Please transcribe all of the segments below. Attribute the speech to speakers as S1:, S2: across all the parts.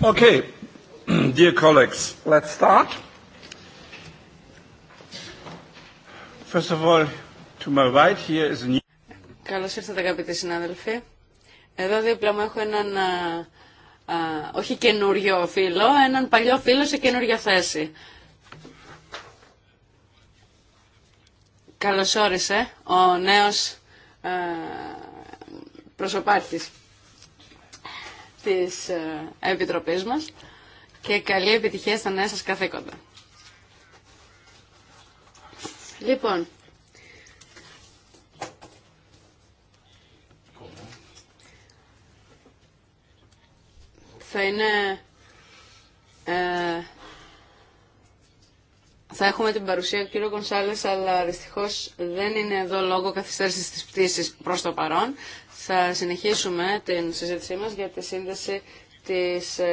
S1: Okay, dear colleagues, let's start. First of all, to my right here is a new...
S2: Καλώς ήρθατε αγαπητοί συνάδελφοι. Εδώ δίπλα μου έχω έναν, α, α, όχι καινούριο φίλο, έναν παλιό φίλο σε καινούρια θέση. Καλώς όρισε ο νέος α, προσωπάρτης της ε, Επιτροπής μας και καλή επιτυχία στα νέα σας καθήκοντα. Λοιπόν, θα είναι ε, θα έχουμε την παρουσία του κύριου Κονσάλες, αλλά δυστυχώς δεν είναι εδώ λόγω καθυστέρηση τη πτήση, προς το παρόν. Θα συνεχίσουμε την συζήτησή μας για τη σύνδεση τη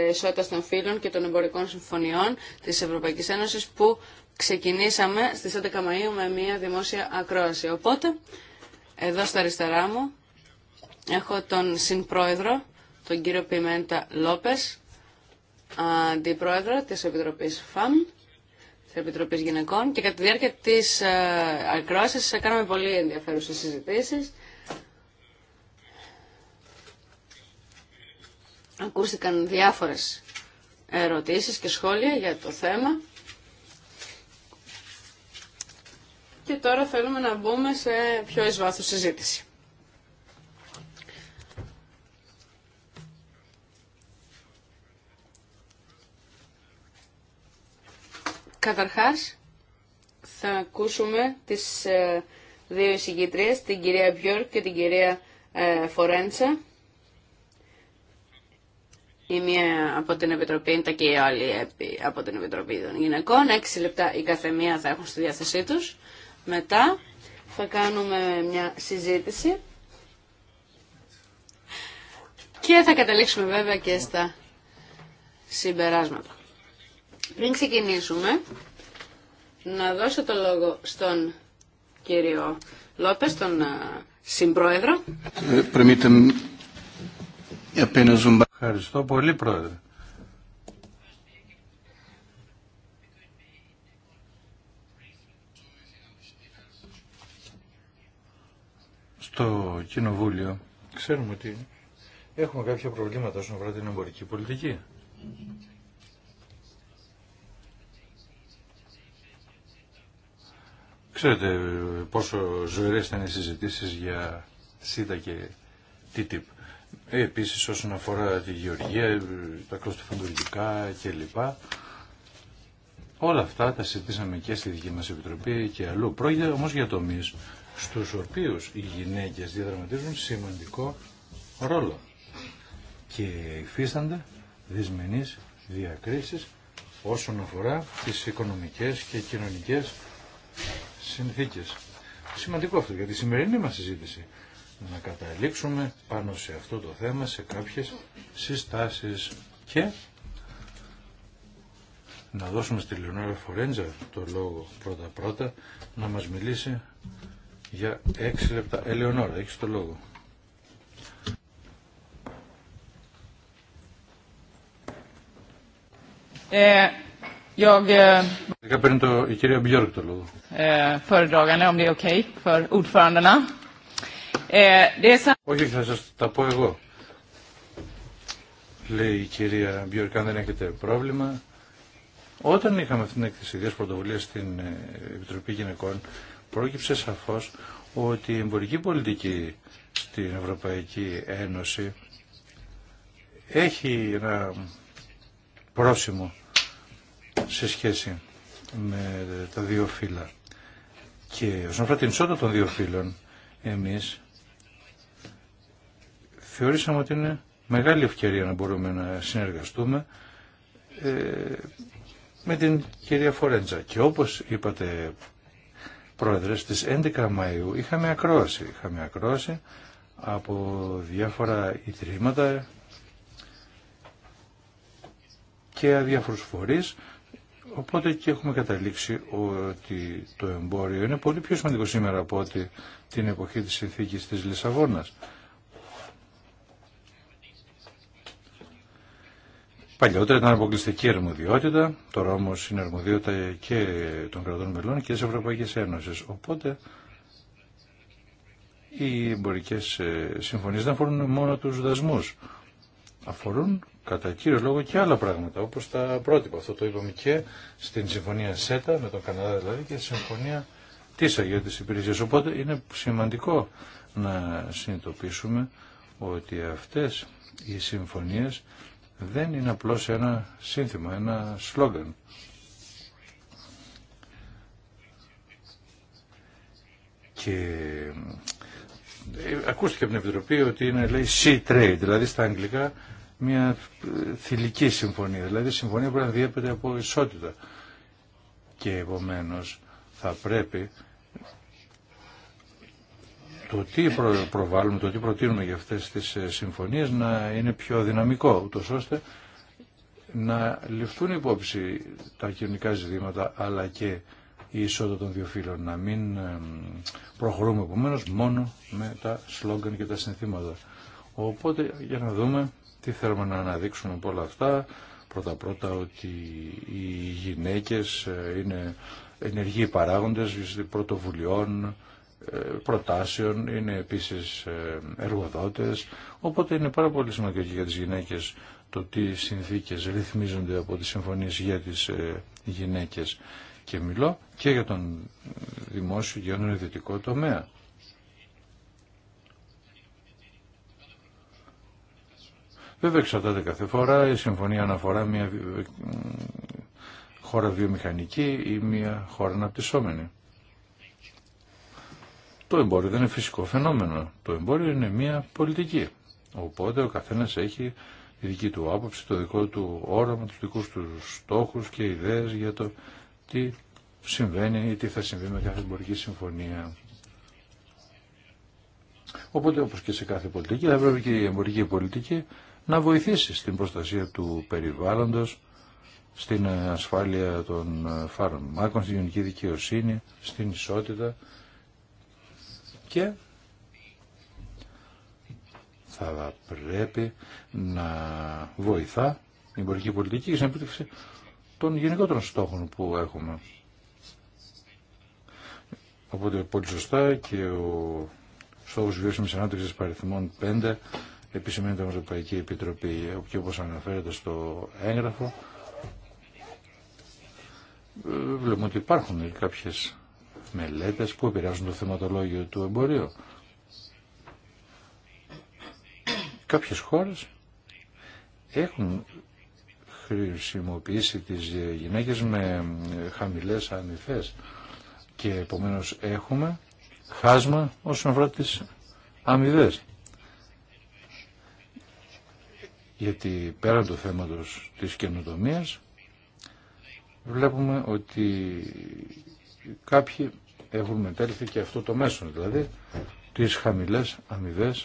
S2: ισότητα των φύλων και των εμπορικών συμφωνιών της Ευρωπαϊκής Ένωσης που ξεκινήσαμε στις 11 Μαΐου με μια δημόσια ακρόαση. Οπότε, εδώ στα αριστερά μου έχω τον συμπρόεδρο, τον κύριο Πιμέντα Λόπε, αντιπρόεδρο τη Επιτροπή ΦΑΜ Επιτροπής Γυναικών και κατά τη διάρκεια της ε, ακρόασης κάναμε πολύ ενδιαφέρουσες συζητήσεις. Ακούστηκαν διάφορες ερωτήσεις και σχόλια για το θέμα. Και τώρα θέλουμε να μπούμε σε πιο εις βάθος συζήτηση. Καταρχάς, θα ακούσουμε τις ε, δύο εισηγήτριες, την κυρία Μπιόρκ και την κυρία Φορέντσα. Ε, η μία από την Επιτροπή είναι και η άλλη από την Επιτροπή των Γυναικών. Έξι λεπτά η καθεμία θα έχουν στη διάθεσή τους. Μετά θα κάνουμε μια συζήτηση και θα καταλήξουμε βέβαια και στα συμπεράσματα. Πριν ξεκινήσουμε, να δώσω το λόγο στον κύριο Λόπες, τον συμπρόεδρο.
S1: Ευχαριστώ πολύ, πρόεδρε. Στο Κοινοβούλιο ξέρουμε ότι έχουμε κάποια προβλήματα όσον αφορά την εμπορική πολιτική. Ξέρετε πόσο ζωηρές ήταν οι συζητήσεις για ΣΥΤΑ και ΤΙΤΙΠ. Ε, Επίση όσον αφορά τη γεωργία, τα κλωστοφαντουργικά κλπ. Όλα αυτά τα συζητήσαμε και στη δική μας Επιτροπή και αλλού. Πρόκειται όμως για τομεί στους οποίου οι γυναίκες διαδραματίζουν σημαντικό ρόλο και υφίστανται δυσμενεί διακρίσει όσον αφορά τι οικονομικέ και κοινωνικέ συνθήκες. Σημαντικό αυτό για τη σημερινή μα συζήτηση. Να καταλήξουμε πάνω σε αυτό το θέμα, σε κάποιες συστάσεις και να δώσουμε στη Λεωνόρα Φορέντζα το λόγο πρώτα-πρώτα να μας μιλήσει για έξι λεπτά. Ελεονόρα, έχεις το λόγο.
S3: Ε, όχι,
S1: τα πω εγώ. Λέει η κυρία Μπιόρκ, αν δεν έχετε πρόβλημα, όταν είχαμε αυτήν την έκθεση πρωτοβουλία στην Επιτροπή Γυναικών, πρόκειψε σαφώς ότι η εμπορική πολιτική στην Ευρωπαϊκή Ένωση έχει ένα πρόσημο σε σχέση με τα δύο φύλλα. Και όσον αφορά την ισότητα των δύο φύλλων εμείς θεωρήσαμε ότι είναι μεγάλη ευκαιρία να μπορούμε να συνεργαστούμε ε, με την κυρία Φορέντζα. Και όπως είπατε πρόεδρε, στις 11 Μαΐου είχαμε ακρόαση. Είχαμε ακρόαση από διάφορα ιδρύματα και διάφορους φορείς Οπότε και έχουμε καταλήξει ότι το εμπόριο είναι πολύ πιο σημαντικό σήμερα από ότι την εποχή της συνθήκης της Λισαβόνας. Παλιότερα ήταν αποκλειστική αρμοδιότητα, τώρα όμω είναι αρμοδιότητα και των κρατών μελών και τη Ευρωπαϊκή Ένωση. Οπότε οι εμπορικέ ε, συμφωνίε δεν αφορούν μόνο του δασμού. Αφορούν κατά κύριο λόγο και άλλα πράγματα, όπω τα πρότυπα. Αυτό το είπαμε και στην συμφωνία ΣΕΤΑ με τον Καναδά δηλαδή και στη συμφωνία ΤΙΣΑ για τι υπηρεσίε. Οπότε είναι σημαντικό να συνειδητοποιήσουμε ότι αυτέ οι συμφωνίε δεν είναι απλώ ένα σύνθημα, ένα σλόγγαν. Και ε, ακούστηκε από την Επιτροπή ότι είναι λέει λέει trade, δηλαδή στα αγγλικά μια θηλυκή συμφωνία, δηλαδή συμφωνία που να διέπεται από ισότητα. Και επομένως θα πρέπει το τι προβάλλουμε, το τι προτείνουμε για αυτές τις ε, συμφωνίες να είναι πιο δυναμικό, ούτως ώστε να ληφθούν υπόψη τα κοινωνικά ζητήματα αλλά και η ισότητα των δύο φύλων. Να μην προχωρούμε επομένω μόνο με τα σλόγγαν και τα συνθήματα. Οπότε για να δούμε τι θέλουμε να αναδείξουμε από όλα αυτά. Πρώτα-πρώτα ότι οι γυναίκες ε, είναι ενεργοί παράγοντες πρωτοβουλειών, ε, προτάσεων, είναι επίσης ε, εργοδότες, οπότε είναι πάρα πολύ σημαντικό για τις γυναίκες το τι συνθήκες ρυθμίζονται από τις συμφωνίες για τις γυναίκες. Και μιλώ και για τον δημόσιο και για τον τομέα. Βέβαια εξαρτάται κάθε φορά, η συμφωνία αναφορά μια ε, χώρα βιομηχανική ή μια χώρα αναπτυσσόμενη. Το εμπόριο δεν είναι φυσικό φαινόμενο. Το εμπόριο είναι μια πολιτική. Οπότε ο καθένας έχει τη δική του άποψη, το δικό του όραμα, τους δικούς του στόχους και ιδέες για το τι συμβαίνει ή τι θα συμβεί με κάθε εμπορική συμφωνία. Οπότε όπως και σε κάθε πολιτική θα πρέπει και η εμπορική πολιτική να βοηθήσει στην προστασία του περιβάλλοντος, στην ασφάλεια των ε, φάρμακων, στην γενική δικαιοσύνη, στην ισότητα και θα πρέπει να βοηθά η εμπορική πολιτική και στην επίτευξη των γενικότερων στόχων που έχουμε. Οπότε πολύ σωστά και ο στόχος βιώσιμης ανάπτυξης παριθμών 5 επισημαίνει την Ευρωπαϊκή Επιτροπή και όπως αναφέρεται στο έγγραφο βλέπουμε ότι υπάρχουν κάποιες μελέτες που επηρεάζουν το θεματολόγιο του εμπορίου. Κάποιες χώρες έχουν χρησιμοποιήσει τις γυναίκες με χαμηλές αμοιβέ και επομένως έχουμε χάσμα όσον αφορά τις αμοιβές γιατί πέραν του θέματος της καινοτομίας βλέπουμε ότι κάποιοι έχουν μετέλθει και αυτό το μέσο, δηλαδή τις χαμηλές αμοιβέ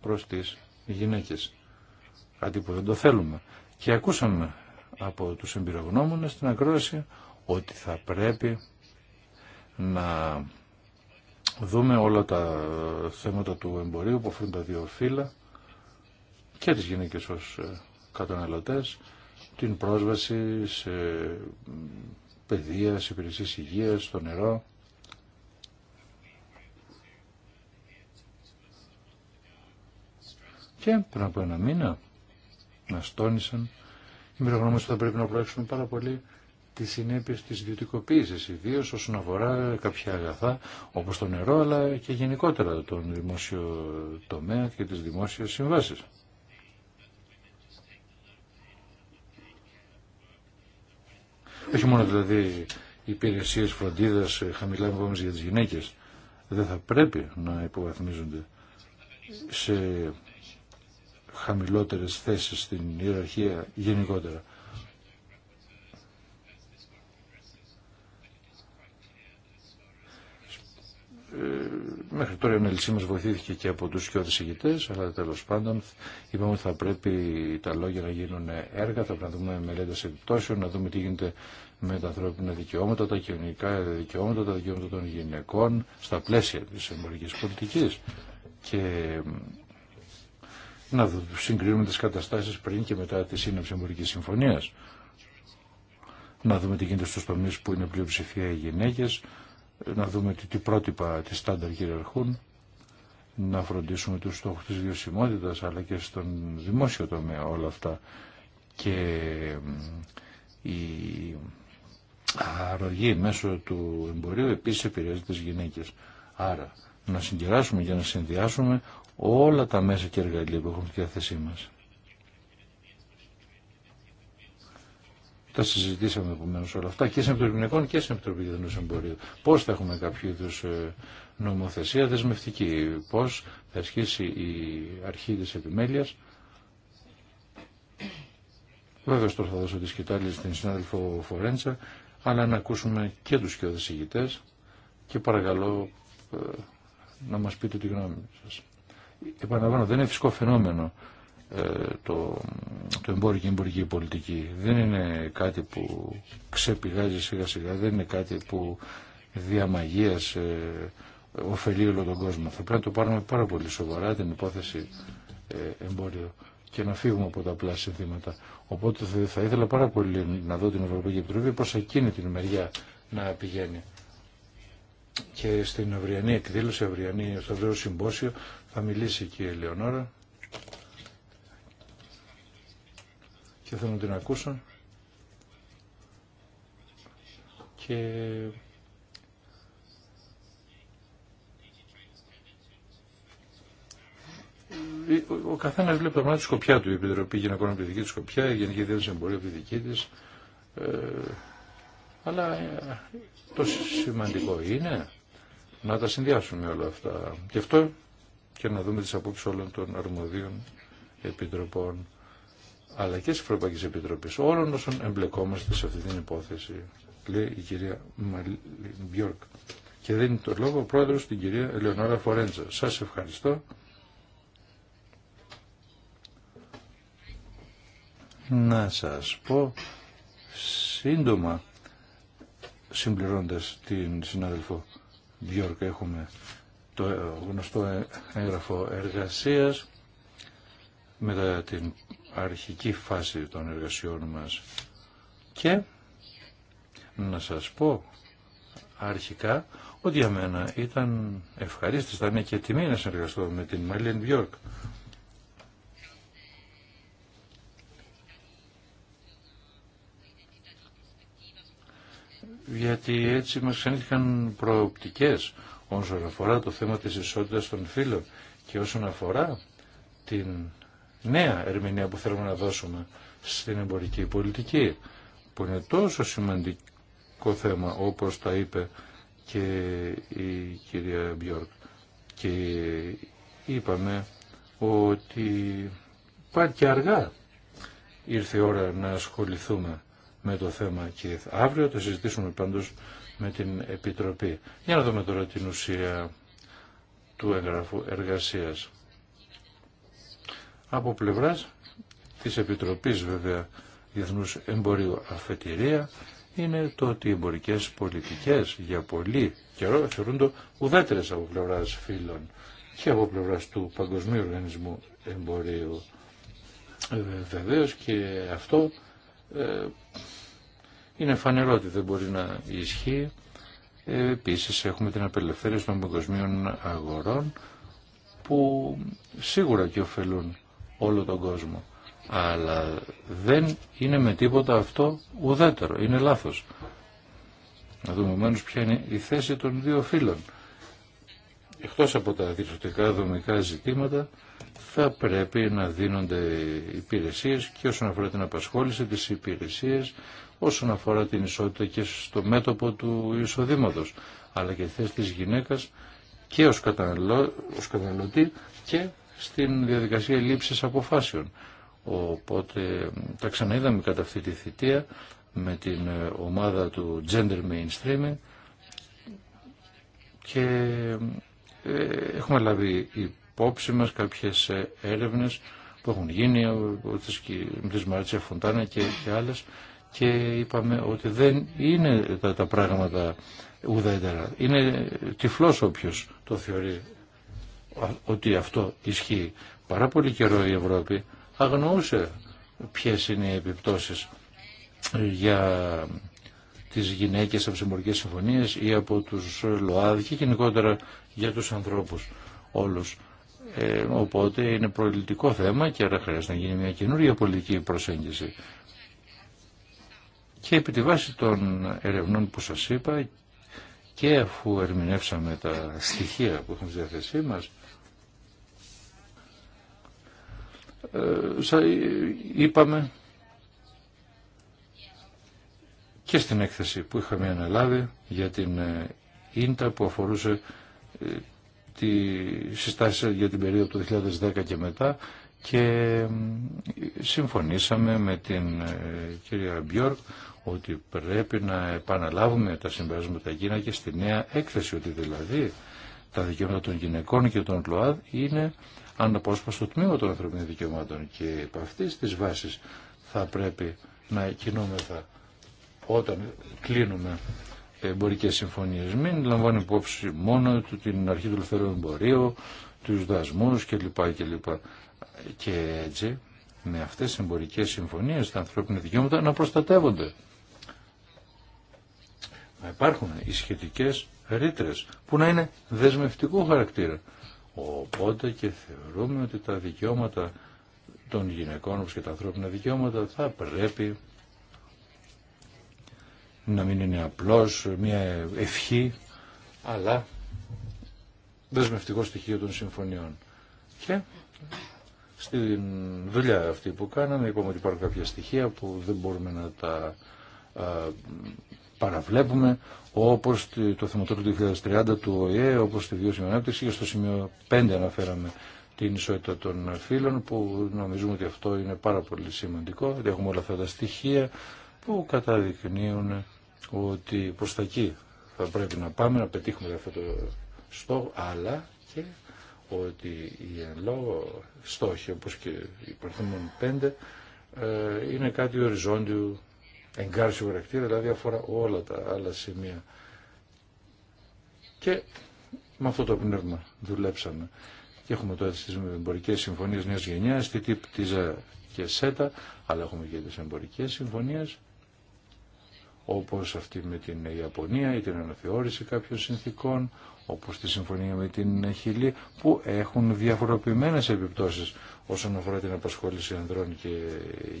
S1: προς τις γυναίκες. Κάτι που δεν το θέλουμε. Και ακούσαμε από τους εμπειρογνώμονες την ακρόαση ότι θα πρέπει να δούμε όλα τα θέματα του εμπορίου που αφορούν τα δύο φύλλα και τις γυναίκες ως ε, καταναλωτές, την πρόσβαση σε παιδεία, σε υπηρεσίες υγείας, στο νερό. Και πριν από ένα μήνα μας τόνισαν οι ότι θα πρέπει να προέξουμε πάρα πολύ τι συνέπειε τη ιδιωτικοποίηση, ιδίω όσον αφορά κάποια αγαθά όπως το νερό, αλλά και γενικότερα τον δημόσιο τομέα και τις δημόσιε συμβάσει. Όχι μόνο δηλαδή υπηρεσίε φροντίδα ε, χαμηλά εμβόμενε για τι γυναίκε. Δεν θα πρέπει να υποβαθμίζονται σε χαμηλότερες θέσεις στην ιεραρχία γενικότερα. Ε, μέχρι τώρα η αναλυσή μας βοηθήθηκε και από τους σκιώδες ηγητές, αλλά τέλος πάντων είπαμε ότι θα πρέπει τα λόγια να γίνουν έργα, θα πρέπει να δούμε μελέτες επιπτώσεων, να δούμε τι γίνεται με τα ανθρώπινα δικαιώματα, τα κοινωνικά δικαιώματα, τα δικαιώματα των γυναικών στα πλαίσια της εμπορικής πολιτικής και να συγκρίνουμε τις καταστάσεις πριν και μετά τη σύναψη εμπορικής συμφωνίας. Να δούμε τι γίνεται στους τομείς που είναι πλειοψηφία οι γυναίκε να δούμε τι πρότυπα, τι στάνταρ κυριαρχούν, να φροντίσουμε τους στόχους της βιωσιμότητας, αλλά και στον δημόσιο τομέα όλα αυτά. Και η αρρωγή μέσω του εμπορίου επίσης επηρεάζει τις γυναίκες. Άρα, να συγκεράσουμε και να συνδυάσουμε όλα τα μέσα και εργαλεία που έχουμε στη διάθεσή μας. Θα συζητήσαμε επομένω όλα αυτά και σε Επιτροπή Γυναικών και σε Επιτροπή Διεθνού Εμπορίου. Πώ θα έχουμε κάποιο είδου ε, νομοθεσία δεσμευτική, πώ θα ασχίσει η αρχή τη επιμέλεια. Βέβαια, τώρα θα δώσω τη σκητάλη στην συνάδελφο Φορέντσα, αλλά να ακούσουμε και του και ηγητέ και παρακαλώ ε, να μα πείτε τη γνώμη σα. Επαναλαμβάνω, δεν είναι φυσικό φαινόμενο ε, το, το εμπόριο και η εμπορική πολιτική. Δεν είναι κάτι που ξεπηγάζει σιγά σιγά, δεν είναι κάτι που διαμαγείας ε, ωφελεί όλο τον κόσμο. Θα πρέπει να το πάρουμε πάρα πολύ σοβαρά την υπόθεση ε, εμπόριο και να φύγουμε από τα απλά συνθήματα. Οπότε θα ήθελα πάρα πολύ να δω την Ευρωπαϊκή Επιτροπή προς εκείνη την μεριά να πηγαίνει. Και στην αυριανή εκδήλωση, αυριανή, στο αυριανό συμπόσιο, θα μιλήσει και η Ελεονόρα και θέλουν να την ακούσω και ο καθένα βλέπει το τη σκοπιά του. Η Επιτροπή Γυναικών από τη δική τη σκοπιά, η Γενική Διεύθυνση Εμπορίου από τη δική τη. Ε, αλλά ε, το σημαντικό είναι να τα συνδυάσουμε όλα αυτά. Γι' αυτό και να δούμε τις απόψεις όλων των αρμοδίων επιτροπών αλλά και στι Ευρωπαϊκής Επιτροπής όλων όσων εμπλεκόμαστε σε αυτή την υπόθεση λέει η κυρία Μπιόρκ και δίνει το λόγο ο πρόεδρος την κυρία Ελεονόρα Φορέντζα σας ευχαριστώ να σας πω σύντομα συμπληρώντα την συνάδελφο Μπιόρκ έχουμε το γνωστό έγγραφο εργασίας μετά την αρχική φάση των εργασιών μας. Και να σας πω αρχικά ότι για μένα ήταν ευχαρίστης, ήταν και τιμή να συνεργαστώ με την Μαλίν Βιόρκ γιατί έτσι μας ξανήθηκαν προοπτικές όσον αφορά το θέμα της ισότητας των φίλων και όσον αφορά την νέα ερμηνεία που θέλουμε να δώσουμε στην εμπορική πολιτική, που είναι τόσο σημαντικό θέμα, όπως τα είπε και η κυρία Μπιόρκ. Και είπαμε ότι πάει και αργά ήρθε η ώρα να ασχοληθούμε με το θέμα και αύριο το συζητήσουμε πάντως με την Επιτροπή. Για να δούμε τώρα την ουσία του έγγραφου εργασίας από πλευράς της Επιτροπής βέβαια Διεθνούς Εμπορίου Αφετηρία είναι το ότι οι εμπορικές πολιτικές για πολύ καιρό θεωρούνται ουδέτερες από πλευράς φίλων και από πλευράς του Παγκοσμίου Οργανισμού Εμπορίου. Ε, Βεβαίω και αυτό ε, είναι φανερό ότι δεν μπορεί να ισχύει. Ε, επίσης έχουμε την απελευθέρωση των παγκοσμίων αγορών που σίγουρα και ωφελούν όλο τον κόσμο. Αλλά δεν είναι με τίποτα αυτό ουδέτερο. Είναι λάθος. Να δούμε ομένω ποια είναι η θέση των δύο φίλων. Εκτός από τα διευθυντικά δομικά ζητήματα θα πρέπει να δίνονται υπηρεσίες και όσον αφορά την απασχόληση της υπηρεσίες, όσον αφορά την ισότητα και στο μέτωπο του εισοδήματος, αλλά και θέση της γυναίκας και ως, καταναλωτή και στην διαδικασία λήψης αποφάσεων. Οπότε τα ξαναείδαμε κατά αυτή τη θητεία με την ε, ομάδα του Gender Mainstreaming και ε, έχουμε λάβει υπόψη μας κάποιες ε, έρευνες που έχουν γίνει με τις Μαρίτσια Φοντάνα και, και άλλες και είπαμε ότι δεν είναι τα, τα πράγματα ουδέτερα. Είναι τυφλός όποιος το θεωρεί ότι αυτό ισχύει. Πάρα πολύ καιρό η Ευρώπη αγνοούσε ποιες είναι οι επιπτώσεις για τις γυναίκες από τις συμφωνίες ή από τους ΛΟΑΔ και γενικότερα για τους ανθρώπους όλους. Ε, οπότε είναι προελητικό θέμα και άρα χρειάζεται να γίνει μια καινούργια πολιτική προσέγγιση. Και επί τη βάση των ερευνών που σας είπα και αφού ερμηνεύσαμε τα στοιχεία που έχουμε στη διάθεσή μας Ε, είπαμε και στην έκθεση που είχαμε αναλάβει για την ε, ίντα που αφορούσε ε, τη συστάσεις για την περίοδο του 2010 και μετά και συμφωνήσαμε με την κυρία Μπιόρκ ότι πρέπει να επαναλάβουμε τα συμπεράσματα εκείνα και στη νέα έκθεση ότι δηλαδή τα δικαιώματα των γυναικών και των ΛΟΑΔ είναι αναπόσπαστο τμήμα των ανθρωπίνων δικαιωμάτων και από αυτή τη βάση θα πρέπει να κινούμεθα όταν κλείνουμε εμπορικέ συμφωνίε. Μην λαμβάνει υπόψη μόνο την αρχή του ελευθερίου εμπορίου, του δασμού κλπ. κλπ. Και έτσι με αυτέ τι εμπορικέ συμφωνίε τα ανθρώπινα δικαιώματα να προστατεύονται. Να υπάρχουν οι σχετικέ ρήτρε που να είναι δεσμευτικού χαρακτήρα Οπότε και θεωρούμε ότι τα δικαιώματα των γυναικών και τα ανθρώπινα δικαιώματα θα πρέπει να μην είναι απλώς μια ευχή αλλά δεσμευτικό στοιχείο των συμφωνιών. Και στη δουλειά αυτή που κάναμε είπαμε ότι υπάρχουν κάποια στοιχεία που δεν μπορούμε να τα παραβλέπουμε όπως το θεματολόγιο του 2030 του ΟΗΕ, όπως τη βιώσιμη ανάπτυξη και στο σημείο 5 αναφέραμε την ισότητα των φύλων που νομίζουμε ότι αυτό είναι πάρα πολύ σημαντικό, ότι έχουμε όλα αυτά τα στοιχεία που καταδεικνύουν ότι προς τα εκεί θα πρέπει να πάμε, να πετύχουμε αυτό το στόχο, αλλά και ότι οι εν λόγω στόχοι, όπως και οι παρθέμων 5, ε, είναι κάτι οριζόντιου εγκάρσιο χαρακτήρα, δηλαδή αφορά όλα τα άλλα σημεία. Και με αυτό το πνεύμα δουλέψαμε. Και έχουμε τώρα τις εμπορικές συμφωνίες νέας γενιάς, τη τύπ, τίζα και σέτα, αλλά έχουμε και τις εμπορικές συμφωνίες όπως αυτή με την Ιαπωνία ή την αναθεώρηση κάποιων συνθήκων, όπως τη συμφωνία με την Χιλή, που έχουν διαφοροποιημένες επιπτώσεις όσον αφορά την απασχόληση ανδρών και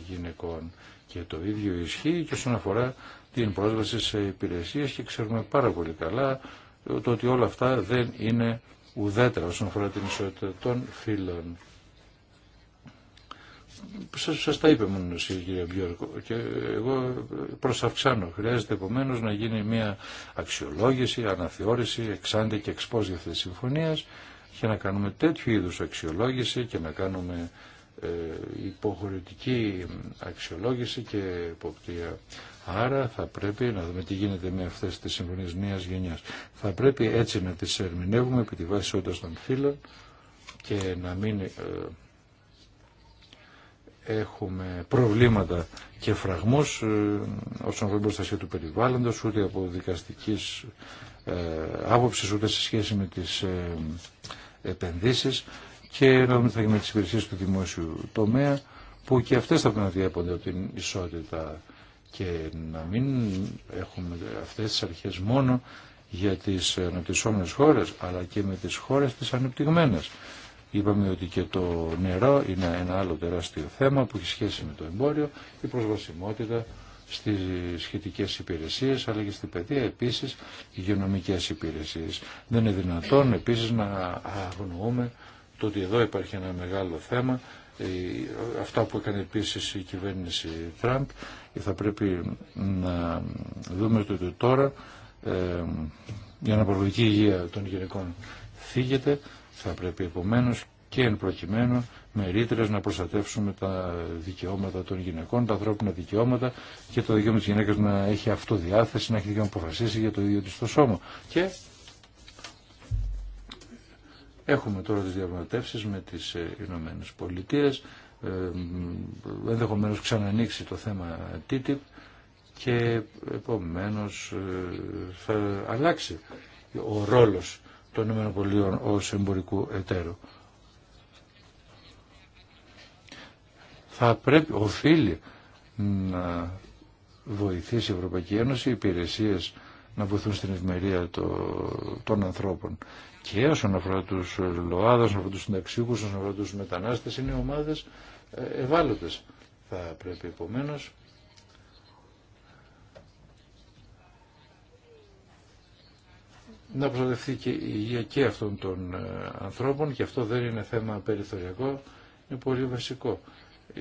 S1: γυναικών. Και το ίδιο ισχύει και όσον αφορά την πρόσβαση σε υπηρεσίες και ξέρουμε πάρα πολύ καλά το ότι όλα αυτά δεν είναι ουδέτερα όσον αφορά την ισότητα των φύλων. Σας, σας τα είπε μόνο η κυρία Μπιόρκο και εγώ προσαυξάνω. Χρειάζεται επομένω να γίνει μια αξιολόγηση, αναθεώρηση, εξάντε και εξπόζη αυτής της συμφωνίας και να κάνουμε τέτοιου είδους αξιολόγηση και να κάνουμε ε, υποχωρητική αξιολόγηση και υποπτία. Άρα θα πρέπει να δούμε τι γίνεται με αυτές τις συμφωνίες νέας γενιάς. Θα πρέπει έτσι να τις ερμηνεύουμε επί τη βάση όντας των φύλων και να μην... Ε, έχουμε προβλήματα και φραγμούς ε, όσον αφορά την προστασία του περιβάλλοντος, ούτε από δικαστικής ε, άποψης, ούτε σε σχέση με τις ε, επενδύσεις και να δούμε τι θα γίνει με τις του δημόσιου τομέα που και αυτές θα πρέπει να διέπονται από την ισότητα και να μην έχουμε αυτές τις αρχές μόνο για τις αναπτυσσόμενες χώρες αλλά και με τις χώρες τις ανεπτυγμένες. Είπαμε ότι και το νερό είναι ένα άλλο τεράστιο θέμα που έχει σχέση με το εμπόριο, η προσβασιμότητα στις σχετικές υπηρεσίες αλλά και στην παιδεία επίσης υγειονομικές υπηρεσίες. Δεν είναι δυνατόν επίσης να αγνοούμε το ότι εδώ υπάρχει ένα μεγάλο θέμα ε, αυτά που έκανε επίσης η κυβέρνηση Τραμπ θα πρέπει να δούμε το ότι τώρα ε, η υγεία των γυναικών θίγεται θα πρέπει επομένω και εν προκειμένου με ρήτρε να προστατεύσουμε τα δικαιώματα των γυναικών, τα ανθρώπινα δικαιώματα και το δικαίωμα τη γυναίκα να έχει αυτοδιάθεση, να έχει δικαίωμα να αποφασίσει για το ίδιο τη το σώμα. Και έχουμε τώρα τις διαπραγματεύσει με τις ε, Ηνωμένε Πολιτείε. Ε, Ενδεχομένω ξανανοίξει το θέμα TTIP και επομένως ε, θα αλλάξει ο ρόλος των ΗΠΑ ως εμπορικού εταίρου. Θα πρέπει, οφείλει να βοηθήσει η Ευρωπαϊκή Ένωση, οι υπηρεσίες να βοηθούν στην ευμερία των ανθρώπων. Και όσον αφορά τους ΛΟΑΔΑ, όσον αφορά τους συνταξίχους, όσον αφορά τους μετανάστες, είναι ομάδες ε, ευάλωτες. Θα πρέπει επομένως να προστατευτεί και η υγεία και αυτών των ε, ανθρώπων και αυτό δεν είναι θέμα περιθωριακό, είναι πολύ βασικό. Ε,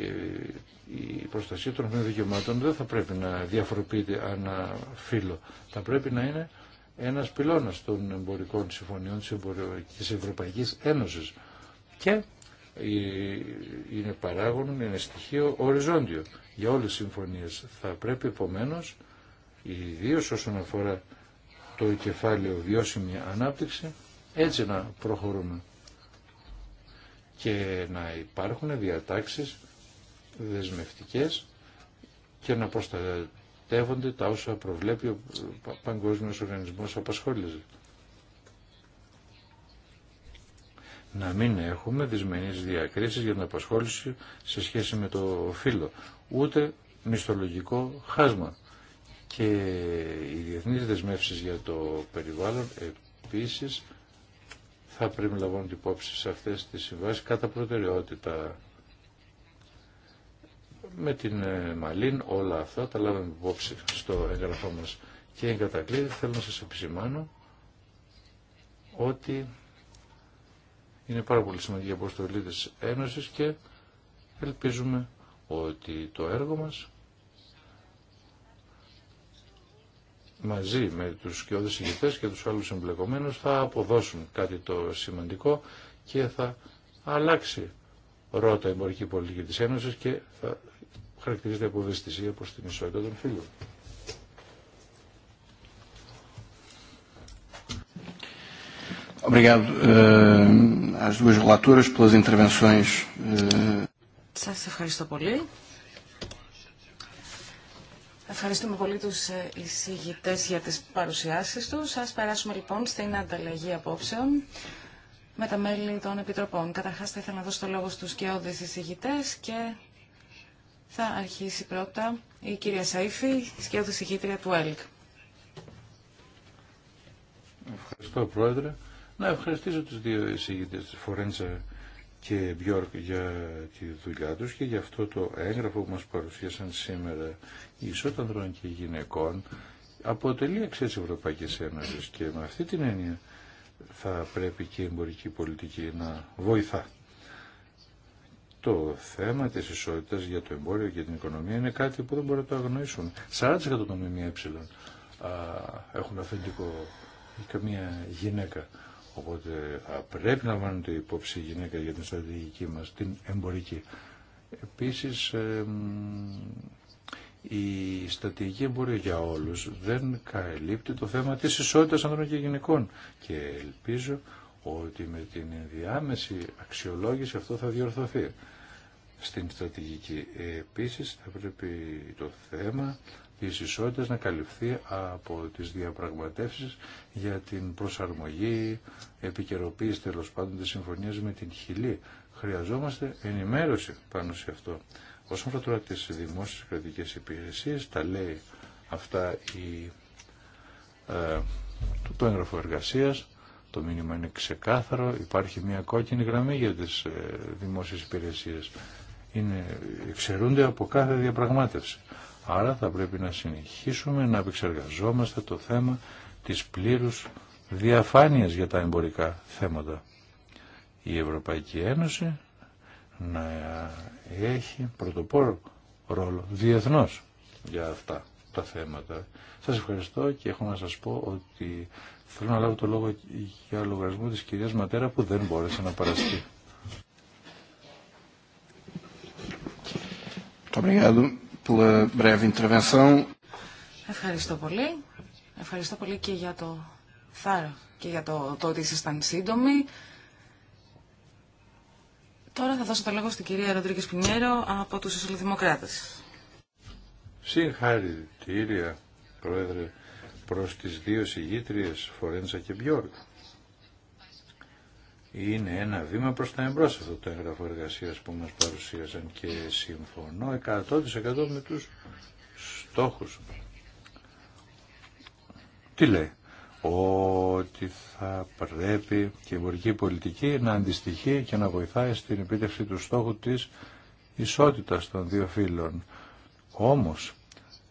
S1: η προστασία των δικαιωμάτων δεν θα πρέπει να διαφοροποιείται ανά φύλλο. Θα πρέπει να είναι ένας πυλώνας των εμπορικών συμφωνιών της Ευρωπαϊκής Ένωσης. Και είναι παράγον, είναι στοιχείο οριζόντιο για όλες τις συμφωνίες. Θα πρέπει επομένως, ιδίως όσον αφορά το κεφάλαιο βιώσιμη ανάπτυξη, έτσι να προχωρούμε. Και να υπάρχουν διατάξεις δεσμευτικές και να προστατεύονται τα όσα προβλέπει ο Παγκόσμιος Οργανισμός Απασχόλησης. να μην έχουμε δυσμενείς διακρίσεις για την απασχόληση σε σχέση με το φύλλο, ούτε μισθολογικό χάσμα και οι διεθνείς δεσμεύσεις για το περιβάλλον επίσης θα πρέπει να λαμβάνουν υπόψη σε αυτές τις συμβάσεις κατά προτεραιότητα με την ε, Μαλίν όλα αυτά τα λάβαμε υπόψη στο εγγραφό μας και εγκατακλείδη θέλω να σας επισημάνω ότι είναι πάρα πολύ σημαντική αποστολή της Ένωσης και ελπίζουμε ότι το έργο μας μαζί με τους σκιώδες ηγητές και τους άλλους εμπλεκομένους θα αποδώσουν κάτι το σημαντικό και θα αλλάξει ρότα η εμπορική πολιτική της Ένωσης και θα χαρακτηρίζεται από ευαισθησία προς την ισότητα των φίλων. Eh, eh.
S3: Σας ευχαριστώ πολύ. Ευχαριστούμε πολύ τους ε, εισηγητέ για τις παρουσιάσεις τους. Ας περάσουμε λοιπόν στην ανταλλαγή απόψεων με τα μέλη των Επιτροπών. Καταρχά, θα ήθελα να δώσω το λόγο στους κοιόδες εισηγητέ και θα αρχίσει πρώτα η κυρία Σαΐφη, σκιώδη εισηγήτρια του ΕΛΚ.
S1: Ευχαριστώ Πρόεδρε. Να ευχαριστήσω τους δύο εισηγητές, Φορέντσα και Μπιόρκ για τη δουλειά τους και για αυτό το έγγραφο που μας παρουσίασαν σήμερα η ισότητα ανδρών και γυναικών αποτελεί αξία Ευρωπαϊκής Ένωσης και με αυτή την έννοια θα πρέπει και η εμπορική πολιτική να βοηθά. Το θέμα της ισότητας για το εμπόριο και την οικονομία είναι κάτι που δεν μπορεί να το αγνοήσουμε. 40% των ΜΜΕ έχουν αφεντικό καμία γυναίκα. Οπότε πρέπει να λαμβάνεται υπόψη η γυναίκα για την στρατηγική μας, την εμπορική. Επίσης, η στρατηγική εμπορία για όλους δεν καλύπτει το θέμα της ισότητας ανδρών και γυναικών. Και ελπίζω ότι με την ενδιάμεση αξιολόγηση αυτό θα διορθωθεί. Στην στρατηγική επίσης θα πρέπει το θέμα της ισότητας να καλυφθεί από τις διαπραγματεύσεις για την προσαρμογή, επικαιροποίηση τέλο πάντων της συμφωνίας με την Χιλή. Χρειαζόμαστε ενημέρωση πάνω σε αυτό. Όσον αφορά τις δημόσιες κρατικές υπηρεσίες, τα λέει αυτά η, ε, το έγγραφο εργασίας, το μήνυμα είναι ξεκάθαρο, υπάρχει μια κόκκινη γραμμή για τις ε, δημόσιες υπηρεσίες. Είναι, εξαιρούνται από κάθε διαπραγμάτευση. Άρα θα πρέπει να συνεχίσουμε να επεξεργαζόμαστε το θέμα της πλήρους διαφάνειας για τα εμπορικά θέματα. Η Ευρωπαϊκή Ένωση να έχει πρωτοπόρο ρόλο διεθνώς για αυτά τα θέματα. Σας ευχαριστώ και έχω να σας πω ότι θέλω να λάβω το λόγο για λογαριασμό της κυρίας Ματέρα που δεν μπόρεσε να παραστεί.
S3: Ευχαριστώ πολύ. Ευχαριστώ πολύ και για το θάρρο και για το, το ότι ήσασταν σύντομοι. Τώρα θα δώσω το λόγο στην κυρία Ροντρίκης Πινιέρο από τους Σοσιαλδημοκράτες.
S1: Συγχαρητήρια, Πρόεδρε, προς τις δύο συγγήτριες Φορέντσα και Μπιόρκ. Είναι ένα βήμα προς τα εμπρός αυτό το έγγραφο εργασίας που μας παρουσίασαν και συμφωνώ 100% με τους στόχους. Τι λέει, ότι θα πρέπει και η εμπορική πολιτική να αντιστοιχεί και να βοηθάει στην επίτευξη του στόχου της ισότητας των δύο φύλων. Όμως,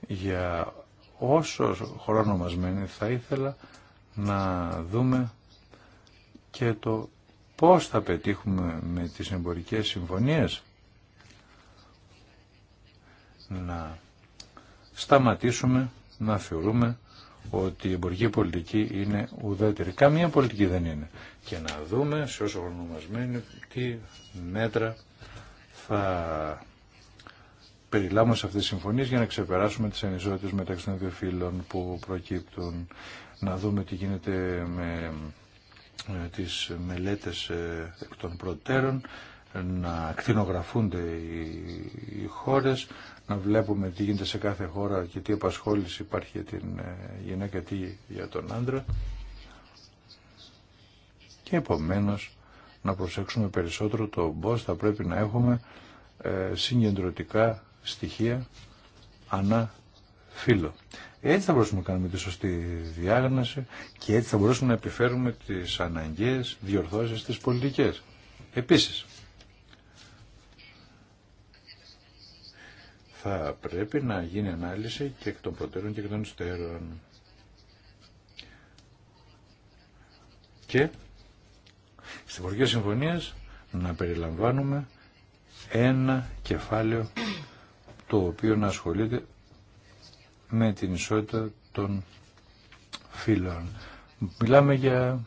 S1: για όσο χρόνο μας μένει θα ήθελα να δούμε και το πώς θα πετύχουμε με τις εμπορικές συμφωνίες να σταματήσουμε να θεωρούμε ότι η εμπορική πολιτική είναι ουδέτερη. Καμία πολιτική δεν είναι. Και να δούμε σε όσο χρονομασμένοι τι μέτρα θα περιλάμβουμε σε αυτές τις συμφωνίες για να ξεπεράσουμε τις ανισότητες μεταξύ των δύο φύλων που προκύπτουν. Να δούμε τι γίνεται με ε, τις μελέτες ε, εκ των προτέρων, να κτηνογραφούνται οι χώρες, να βλέπουμε τι γίνεται σε κάθε χώρα και τι επασχόληση υπάρχει για την ε, γυναίκα, τι για τον άντρα. Και επομένως να προσέξουμε περισσότερο το πώς θα πρέπει να έχουμε συγκεντρωτικά στοιχεία ανά φύλλο. Έτσι θα μπορούσαμε να κάνουμε τη σωστή διάγνωση και έτσι θα μπορούσαμε να επιφέρουμε τις αναγκαίες διορθώσεις στις πολιτικές. Επίσης, θα πρέπει να γίνει ανάλυση και εκ των προτέρων και εκ των υστέρων. Και στην Υπουργές Συμφωνία να περιλαμβάνουμε ένα κεφάλαιο το οποίο να ασχολείται με την ισότητα των φύλων. Μιλάμε για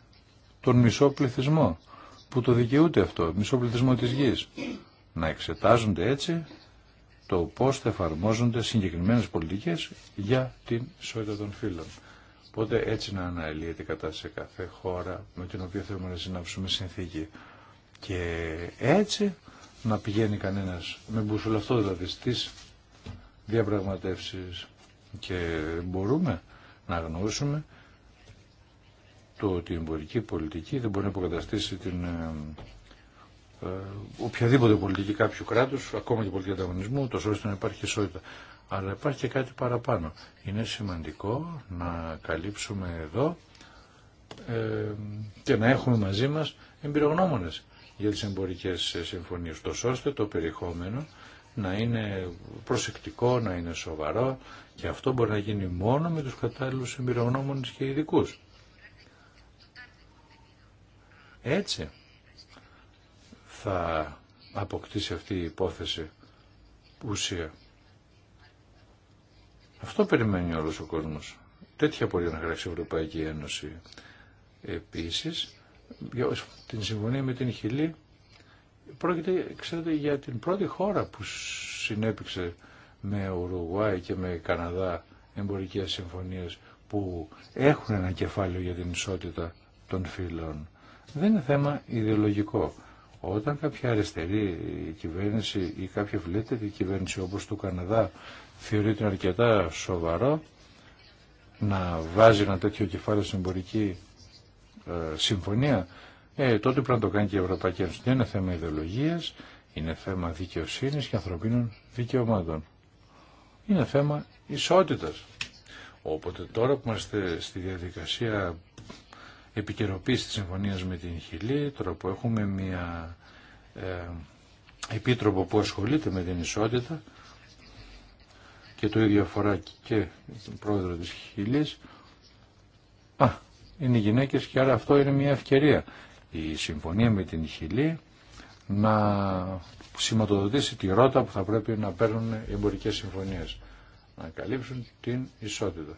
S1: τον μισό πληθυσμό που το δικαιούται αυτό, μισό πληθυσμό της γης. Να εξετάζονται έτσι το πώς θα εφαρμόζονται συγκεκριμένες πολιτικές για την ισότητα των φύλων. Οπότε έτσι να η κατά σε κάθε χώρα με την οποία θέλουμε να συνάψουμε συνθήκη. Και έτσι να πηγαίνει κανένας με μπουσουλαυτό δηλαδή στις και μπορούμε να γνωρίσουμε το ότι η εμπορική πολιτική δεν μπορεί να υποκαταστήσει την ε, ε, οποιαδήποτε πολιτική κάποιου κράτους, ακόμα και πολιτική ανταγωνισμού, τόσο ώστε να υπάρχει ισότητα. Αλλά υπάρχει και κάτι παραπάνω. Είναι σημαντικό να καλύψουμε εδώ ε, και να έχουμε μαζί μας εμπειρογνώμονες για τις εμπορικές ε, συμφωνίες, τόσο ώστε το περιεχόμενο να είναι προσεκτικό, να είναι σοβαρό και αυτό μπορεί να γίνει μόνο με τους κατάλληλους εμπειρογνώμονες και ειδικού. Έτσι θα αποκτήσει αυτή η υπόθεση ουσία. Αυτό περιμένει όλος ο κόσμος. Τέτοια μπορεί να γράψει η Ευρωπαϊκή Ένωση. Επίσης, την συμφωνία με την Χιλή Πρόκειται, ξέρετε, για την πρώτη χώρα που συνέπηξε με Ουρουγουάη και με Καναδά εμπορικές συμφωνίες που έχουν ένα κεφάλαιο για την ισότητα των φύλων. Δεν είναι θέμα ιδεολογικό. Όταν κάποια αριστερή κυβέρνηση ή κάποια φιλέτερη κυβέρνηση όπως του Καναδά θεωρείται αρκετά σοβαρό να βάζει ένα τέτοιο κεφάλαιο στην εμπορική ε, συμφωνία ε, τότε πρέπει να το κάνει και η Ευρωπαϊκή Ένωση. Δεν είναι θέμα ιδεολογία, είναι θέμα δικαιοσύνη και ανθρωπίνων δικαιωμάτων. Είναι θέμα ισότητα. Οπότε τώρα που είμαστε στη διαδικασία επικαιροποίηση τη συμφωνία με την Χιλή, τώρα που έχουμε μια ε, επίτροπο που ασχολείται με την ισότητα και το ίδιο αφορά και τον πρόεδρο της Χιλής, α, είναι γυναίκες και άρα αυτό είναι μια ευκαιρία η συμφωνία με την Χιλή να σηματοδοτήσει τη ρότα που θα πρέπει να παίρνουν οι εμπορικές συμφωνίες. Να καλύψουν την ισότητα.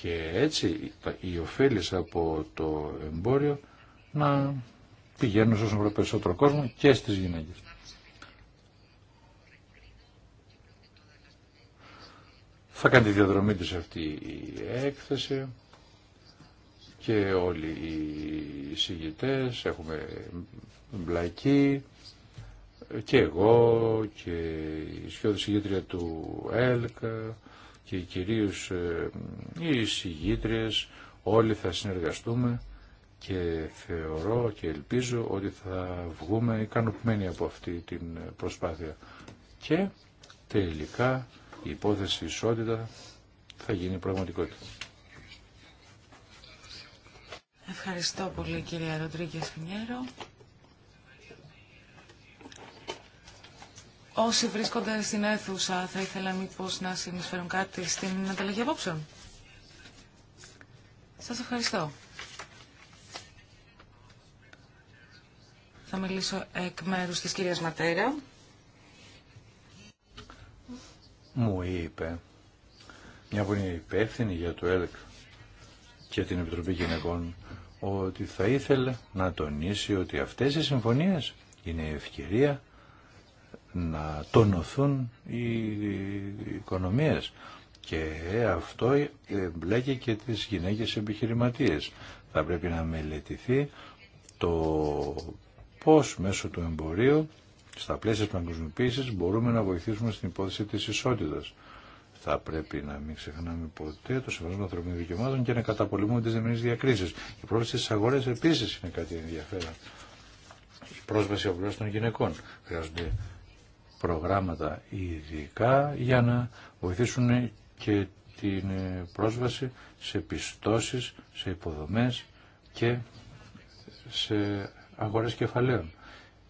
S1: Και έτσι οι οφέλης από το εμπόριο να πηγαίνουν σε όσο περισσότερο κόσμο και στις γυναίκες. Θα κάνει τη διαδρομή της αυτή η έκθεση και όλοι οι συγητές έχουμε μπλακεί και εγώ και η σιώδη του ΕΛΚ και κυρίως ε, οι συγγήτριες όλοι θα συνεργαστούμε και θεωρώ και ελπίζω ότι θα βγούμε ικανοποιημένοι από αυτή την προσπάθεια. Και τελικά η υπόθεση ισότητα θα γίνει πραγματικότητα.
S3: Ευχαριστώ πολύ κυρία Ροντρίγκε Φινιέρο. Όσοι βρίσκονται στην αίθουσα θα ήθελα μήπως να συνεισφέρουν κάτι στην ανταλλαγή απόψεων. Σας ευχαριστώ. Θα μιλήσω εκ μέρους της κυρίας Ματέρα.
S1: Μου είπε, μια που είναι υπεύθυνη για το ΕΛΚ και την Επιτροπή Γυναικών, ότι θα ήθελε να τονίσει ότι αυτές οι συμφωνίες είναι η ευκαιρία να τονωθούν οι οικονομίες και αυτό μπλέκει και τις γυναίκες επιχειρηματίες. Θα πρέπει να μελετηθεί το πώς μέσω του εμπορίου στα πλαίσια της παγκοσμιοποίησης μπορούμε να βοηθήσουμε στην υπόθεση της ισότητας θα πρέπει να μην ξεχνάμε ποτέ το σεβασμό ανθρωπίνων δικαιωμάτων και να καταπολεμούμε τι δεμενεί διακρίσει. Η πρόσβαση στι αγορέ επίση είναι κάτι ενδιαφέρον. Η πρόσβαση απλώ των γυναικών. Χρειάζονται προγράμματα ειδικά για να βοηθήσουν και την ε, πρόσβαση σε πιστώσει, σε υποδομέ και σε αγορέ κεφαλαίων.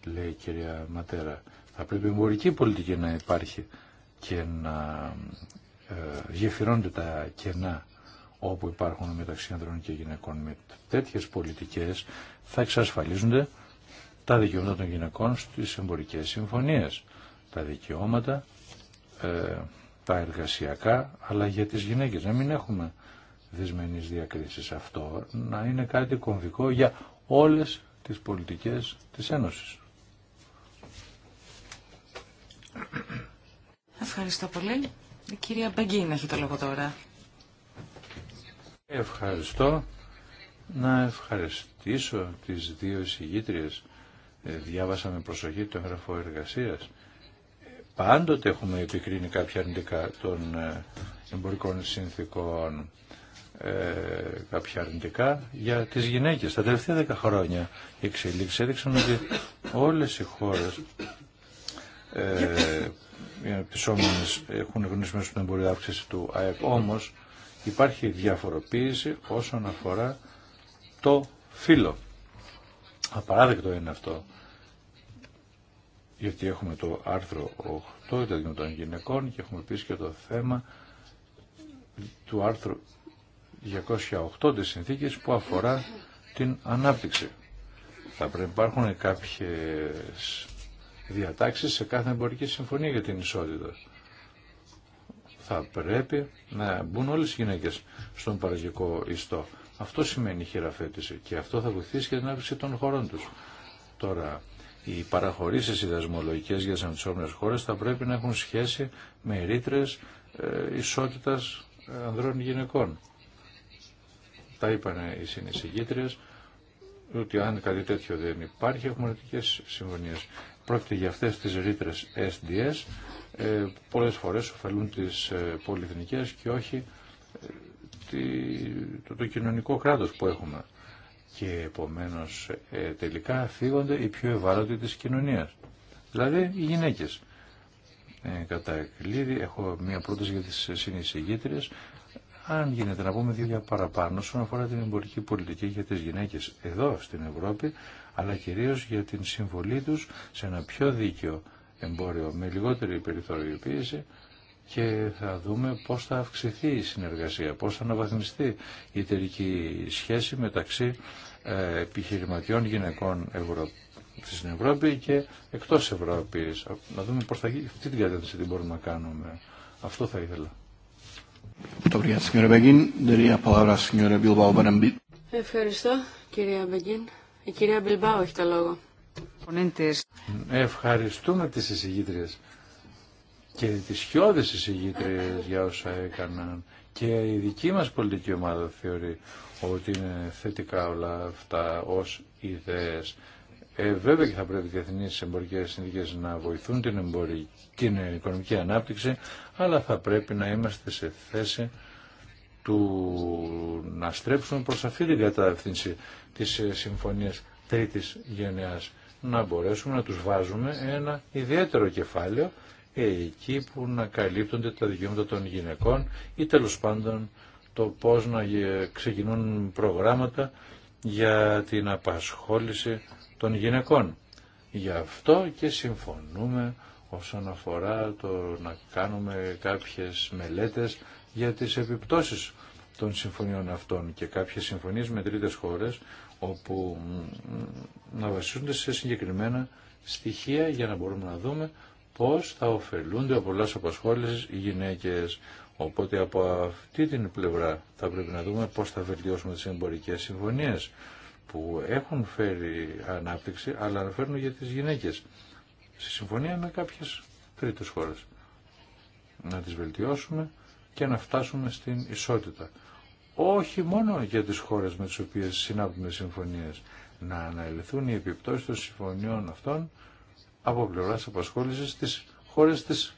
S1: Λέει η κυρία Ματέρα, θα πρέπει η εμπορική πολιτική να υπάρχει και να ε, γεφυρώνεται τα κενά όπου υπάρχουν μεταξύ ανδρών και γυναικών. Με τέτοιες πολιτικές θα εξασφαλίζονται τα δικαιώματα των γυναικών στις εμπορικές συμφωνίες. Τα δικαιώματα, ε, τα εργασιακά, αλλά για τις γυναίκες. Να μην έχουμε δυσμενείς διακρίσεις αυτό, να είναι κάτι κομβικό για όλες τις πολιτικές της Ένωσης.
S3: Ευχαριστώ πολύ. Η κυρία Μπεγκίν έχει το λόγο τώρα.
S1: Ευχαριστώ. Να ευχαριστήσω τις δύο εισηγήτριες. Ε, Διάβασα με προσοχή το έγγραφο εργασίας. Ε, πάντοτε έχουμε επικρίνει κάποια αρνητικά των ε, εμπορικών συνθήκων ε, κάποια αρνητικά για τις γυναίκες. Τα τελευταία δέκα χρόνια οι εξελίξεις έδειξαν ότι όλες οι χώρες οι αναπτυσσόμενες έχουν γνωρίσει μέσα στην εμπορία αύξηση του ΑΕΠ. Όμως υπάρχει διαφοροποίηση όσον αφορά το φύλλο. Απαράδεκτο είναι αυτό. Γιατί έχουμε το άρθρο 8, τα των γυναικών και έχουμε επίσης και το θέμα του άρθρου 208 της συνθήκης που αφορά την ανάπτυξη. Θα πρέπει να υπάρχουν κάποιες διατάξεις σε κάθε εμπορική συμφωνία για την ισότητα. Θα πρέπει να μπουν όλες οι γυναίκες στον παραγωγικό ιστό. Αυτό σημαίνει η χειραφέτηση και αυτό θα βοηθήσει και την αύξηση των χωρών τους. Τώρα, οι παραχωρήσεις οι για τις αντισόμενες χώρες θα πρέπει να έχουν σχέση με ρήτρες ε, ισότητας ε, ανδρών γυναικών. Τα είπαν οι συνεισηγήτριες ότι αν κάτι τέτοιο δεν υπάρχει, έχουμε συμφωνίες. Πρόκειται για αυτές τις ρήτρε SDS. Ε, πολλές φορές ωφελούν τις ε, πολυεθνικές και όχι ε, το, το κοινωνικό κράτος που έχουμε. Και επομένως ε, τελικά φύγονται οι πιο ευάλωτοι της κοινωνίας. Δηλαδή οι γυναίκες. Ε, κατά κλείδι έχω μία πρόταση για τις συνεισηγήτριες αν γίνεται να πούμε δύο για παραπάνω όσον αφορά την εμπορική πολιτική για τις γυναίκες εδώ στην Ευρώπη, αλλά κυρίως για την συμβολή τους σε ένα πιο δίκαιο εμπόριο με λιγότερη περιθωριοποίηση και θα δούμε πώς θα αυξηθεί η συνεργασία, πώς θα αναβαθμιστεί η εταιρική σχέση μεταξύ ε, επιχειρηματιών γυναικών στην Ευρώπη και εκτός Ευρώπης. Να δούμε πώς θα γίνει αυτή την κατεύθυνση, τι μπορούμε να κάνουμε. Αυτό θα ήθελα.
S2: Ευχαριστώ, κυρία Μπεγκίν. Η κυρία Μπιλμπάου έχει το λόγο.
S1: Ευχαριστούμε τις εισηγήτριες και τις χιώδες εισηγήτριες για όσα έκαναν. Και η δική μας πολιτική ομάδα θεωρεί ότι είναι θετικά όλα αυτά ως ιδέες. Ε, βέβαια και θα πρέπει οι διεθνεί εμπορικέ συνθήκε να βοηθούν την, εμπορική, την οικονομική ανάπτυξη, αλλά θα πρέπει να είμαστε σε θέση του να στρέψουμε προς αυτή την κατεύθυνση της ε, συμφωνίας τρίτης γενεάς να μπορέσουμε να τους βάζουμε ένα ιδιαίτερο κεφάλαιο εκεί που να καλύπτονται τα δικαιώματα των γυναικών ή τέλος πάντων το πώς να ε, ξεκινούν προγράμματα για την απασχόληση των γυναικών. Γι' αυτό και συμφωνούμε όσον αφορά το να κάνουμε κάποιες μελέτες για τις επιπτώσεις των συμφωνιών αυτών και κάποιες συμφωνίες με τρίτες χώρες όπου να βασίζονται σε συγκεκριμένα στοιχεία για να μπορούμε να δούμε πώς θα ωφελούνται από πολλές απασχόλησεις οι γυναίκες. Οπότε από αυτή την πλευρά θα πρέπει να δούμε πώς θα βελτιώσουμε τις εμπορικές συμφωνίες που έχουν φέρει ανάπτυξη, αλλά αναφέρουν για τις γυναίκες, στη συμφωνία με κάποιες τρίτες χώρες. Να τις βελτιώσουμε και να φτάσουμε στην ισότητα. Όχι μόνο για τις χώρες με τις οποίες συνάπτουμε συμφωνίες, να αναλυθούν οι επιπτώσεις των συμφωνιών αυτών από πλευράς απασχόλησης στις χώρες της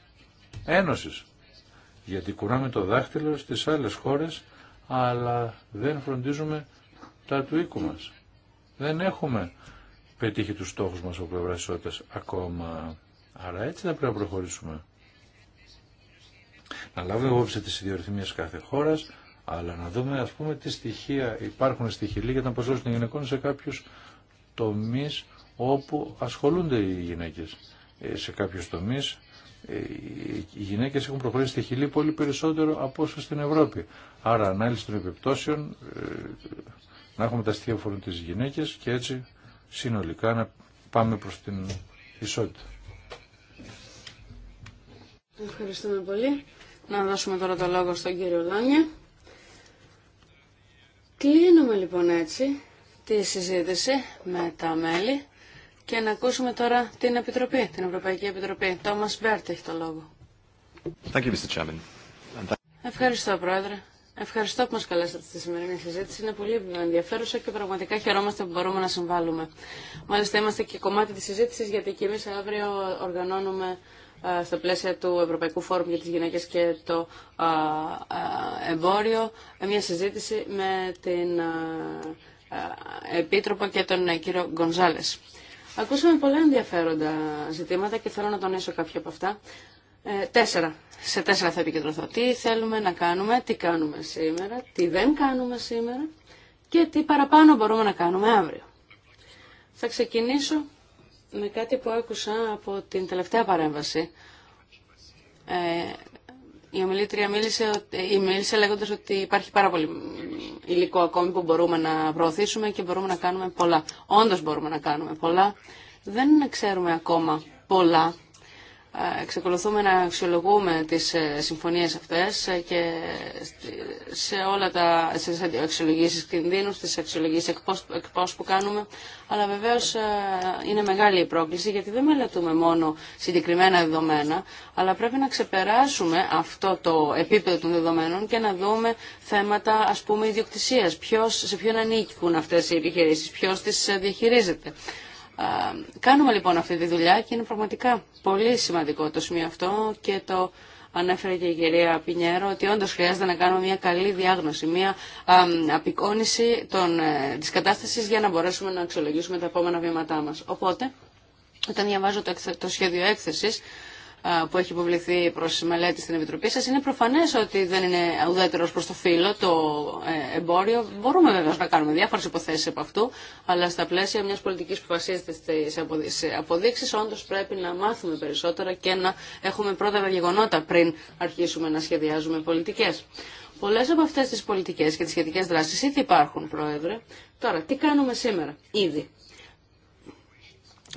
S1: Ένωσης. Γιατί κουράμε το δάχτυλο στις άλλες χώρες, αλλά δεν φροντίζουμε τα του οίκου μας. Δεν έχουμε πετύχει τους στόχους μας από πλευρά ισότητας ακόμα. Άρα έτσι θα πρέπει να προχωρήσουμε. Να λάβουμε υπόψη τις ιδιορυθμίες κάθε χώρας, αλλά να δούμε ας πούμε τι στοιχεία υπάρχουν στη για να απασχόληση των γυναικών σε κάποιους τομείς όπου ασχολούνται οι γυναίκες. Ε, σε κάποιους τομείς ε, οι γυναίκες έχουν προχωρήσει στη χειλή πολύ περισσότερο από όσο στην Ευρώπη. Άρα ανάλυση των επιπτώσεων ε, να έχουμε τα στοιχεία που αφορούν τις γυναίκες και έτσι συνολικά να πάμε προς την ισότητα.
S2: Ευχαριστούμε πολύ. Να δώσουμε τώρα το λόγο στον κύριο Λάνια. Κλείνουμε λοιπόν έτσι τη συζήτηση με τα μέλη και να ακούσουμε τώρα την Επιτροπή, την Ευρωπαϊκή Επιτροπή. Τόμας Μπέρτ έχει το λόγο. Ευχαριστώ, Πρόεδρε. Ευχαριστώ που μας καλέσατε στη σημερινή συζήτηση. Είναι πολύ ενδιαφέρουσα και πραγματικά χαιρόμαστε που μπορούμε να συμβάλλουμε. Μάλιστα είμαστε και κομμάτι της συζήτησης γιατί και εμείς αύριο οργανώνουμε ε, στα πλαίσια του Ευρωπαϊκού Φόρουμ για τις Γυναίκες και το ε, ε, Εμπόριο μια συζήτηση με την Επίτροπο και τον κύριο Γκονζάλες. Ακούσαμε πολλά ενδιαφέροντα ζητήματα και θέλω να τονίσω κάποια από αυτά. Ε, τέσσερα. Σε τέσσερα θα επικεντρωθώ. Τι θέλουμε να κάνουμε, τι κάνουμε σήμερα, τι δεν κάνουμε σήμερα και τι παραπάνω μπορούμε να κάνουμε αύριο. Θα ξεκινήσω με κάτι που άκουσα από την τελευταία παρέμβαση. Ε, η ομιλήτρια μίλησε, η ε, μίλησε λέγοντας ότι υπάρχει πάρα πολύ υλικό ακόμη που μπορούμε να προωθήσουμε και μπορούμε να κάνουμε πολλά. Όντως μπορούμε να κάνουμε πολλά. Δεν ξέρουμε ακόμα πολλά εξακολουθούμε να αξιολογούμε τις ε, συμφωνίες αυτές ε, και σε όλα τα στις αξιολογήσεις κινδύνου, στις αξιολογήσεις εκπός που κάνουμε, αλλά βεβαίως ε, είναι μεγάλη η πρόκληση γιατί δεν μελετούμε μόνο συγκεκριμένα δεδομένα, αλλά πρέπει να ξεπεράσουμε αυτό το επίπεδο των δεδομένων και να δούμε θέματα ας πούμε ιδιοκτησίας, σε ποιον ανήκουν αυτές οι επιχειρήσεις, ποιος τις διαχειρίζεται. Κάνουμε λοιπόν αυτή τη δουλειά και είναι πραγματικά πολύ σημαντικό το σημείο αυτό και το ανέφερε και η κυρία Πινιέρο ότι όντω χρειάζεται να κάνουμε μια καλή διάγνωση, μια απεικόνηση των, ε, της κατάστασης για να μπορέσουμε να αξιολογήσουμε τα επόμενα βήματά μας. Οπότε, όταν διαβάζω το, το σχέδιο έκθεσης, που έχει υποβληθεί προ μελέτη στην Επιτροπή σα, Είναι προφανέ ότι δεν είναι ουδέτερο προ το φύλλο το ε, εμπόριο. Μπορούμε βέβαια να κάνουμε διάφορε υποθέσει από αυτού, αλλά στα πλαίσια μια πολιτική που βασίζεται σε αποδείξει, όντω πρέπει να μάθουμε περισσότερα και να έχουμε πρώτα τα γεγονότα πριν αρχίσουμε να σχεδιάζουμε πολιτικέ. Πολλέ από αυτέ τι πολιτικέ και τι σχετικέ δράσει ήδη υπάρχουν, Πρόεδρε. Τώρα, τι κάνουμε σήμερα, ήδη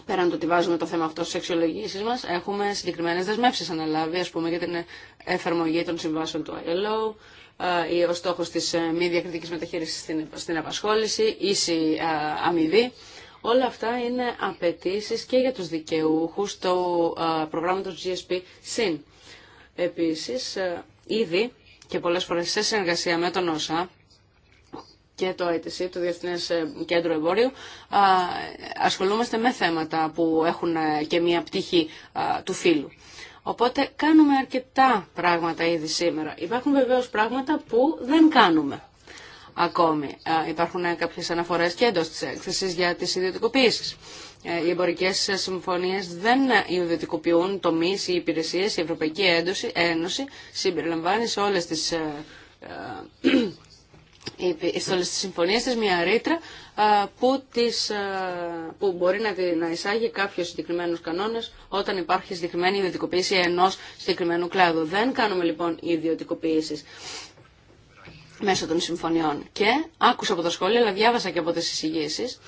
S2: πέραν το ότι βάζουμε το θέμα αυτό στι αξιολογήσει μα, έχουμε συγκεκριμένε δεσμεύσει αναλάβει, α πούμε, για την εφαρμογή των συμβάσεων του ILO, ε, ο στόχο τη ε, μη διακριτική μεταχείριση στην απασχόληση, ίση ε, αμοιβή. Όλα αυτά είναι απαιτήσει και για του δικαιούχου του προγράμματο gsp sin Επίση, ήδη και πολλέ φορέ σε συνεργασία με τον ΩΣΑ, και το ITC, το Διεθνέ ε, Κέντρο Εμπόριου, ασχολούμαστε με θέματα που έχουν ε, και μια πτυχή του φύλου. Οπότε κάνουμε αρκετά πράγματα ήδη σήμερα. Υπάρχουν βεβαίως πράγματα που δεν κάνουμε ακόμη. Υπάρχουν ε, κάποιες αναφορές και εντός της έκθεσης για τις ιδιωτικοποίησεις. Οι εμπορικέ συμφωνίε δεν ιδιωτικοποιούν τομεί ή υπηρεσίε. Η Ευρωπαϊκή Ένωση συμπεριλαμβάνει σε όλε τι στις συμφωνίες της μια ρήτρα που, τις, που μπορεί να, να εισάγει κάποιους συγκεκριμένου κανόνες όταν υπάρχει συγκεκριμένη ιδιωτικοποίηση ενός συγκεκριμένου κλάδου. Δεν κάνουμε λοιπόν ιδιωτικοποίησεις μέσω των συμφωνιών. Και άκουσα από τα σχόλια, αλλά διάβασα και από τις εισηγήσεις,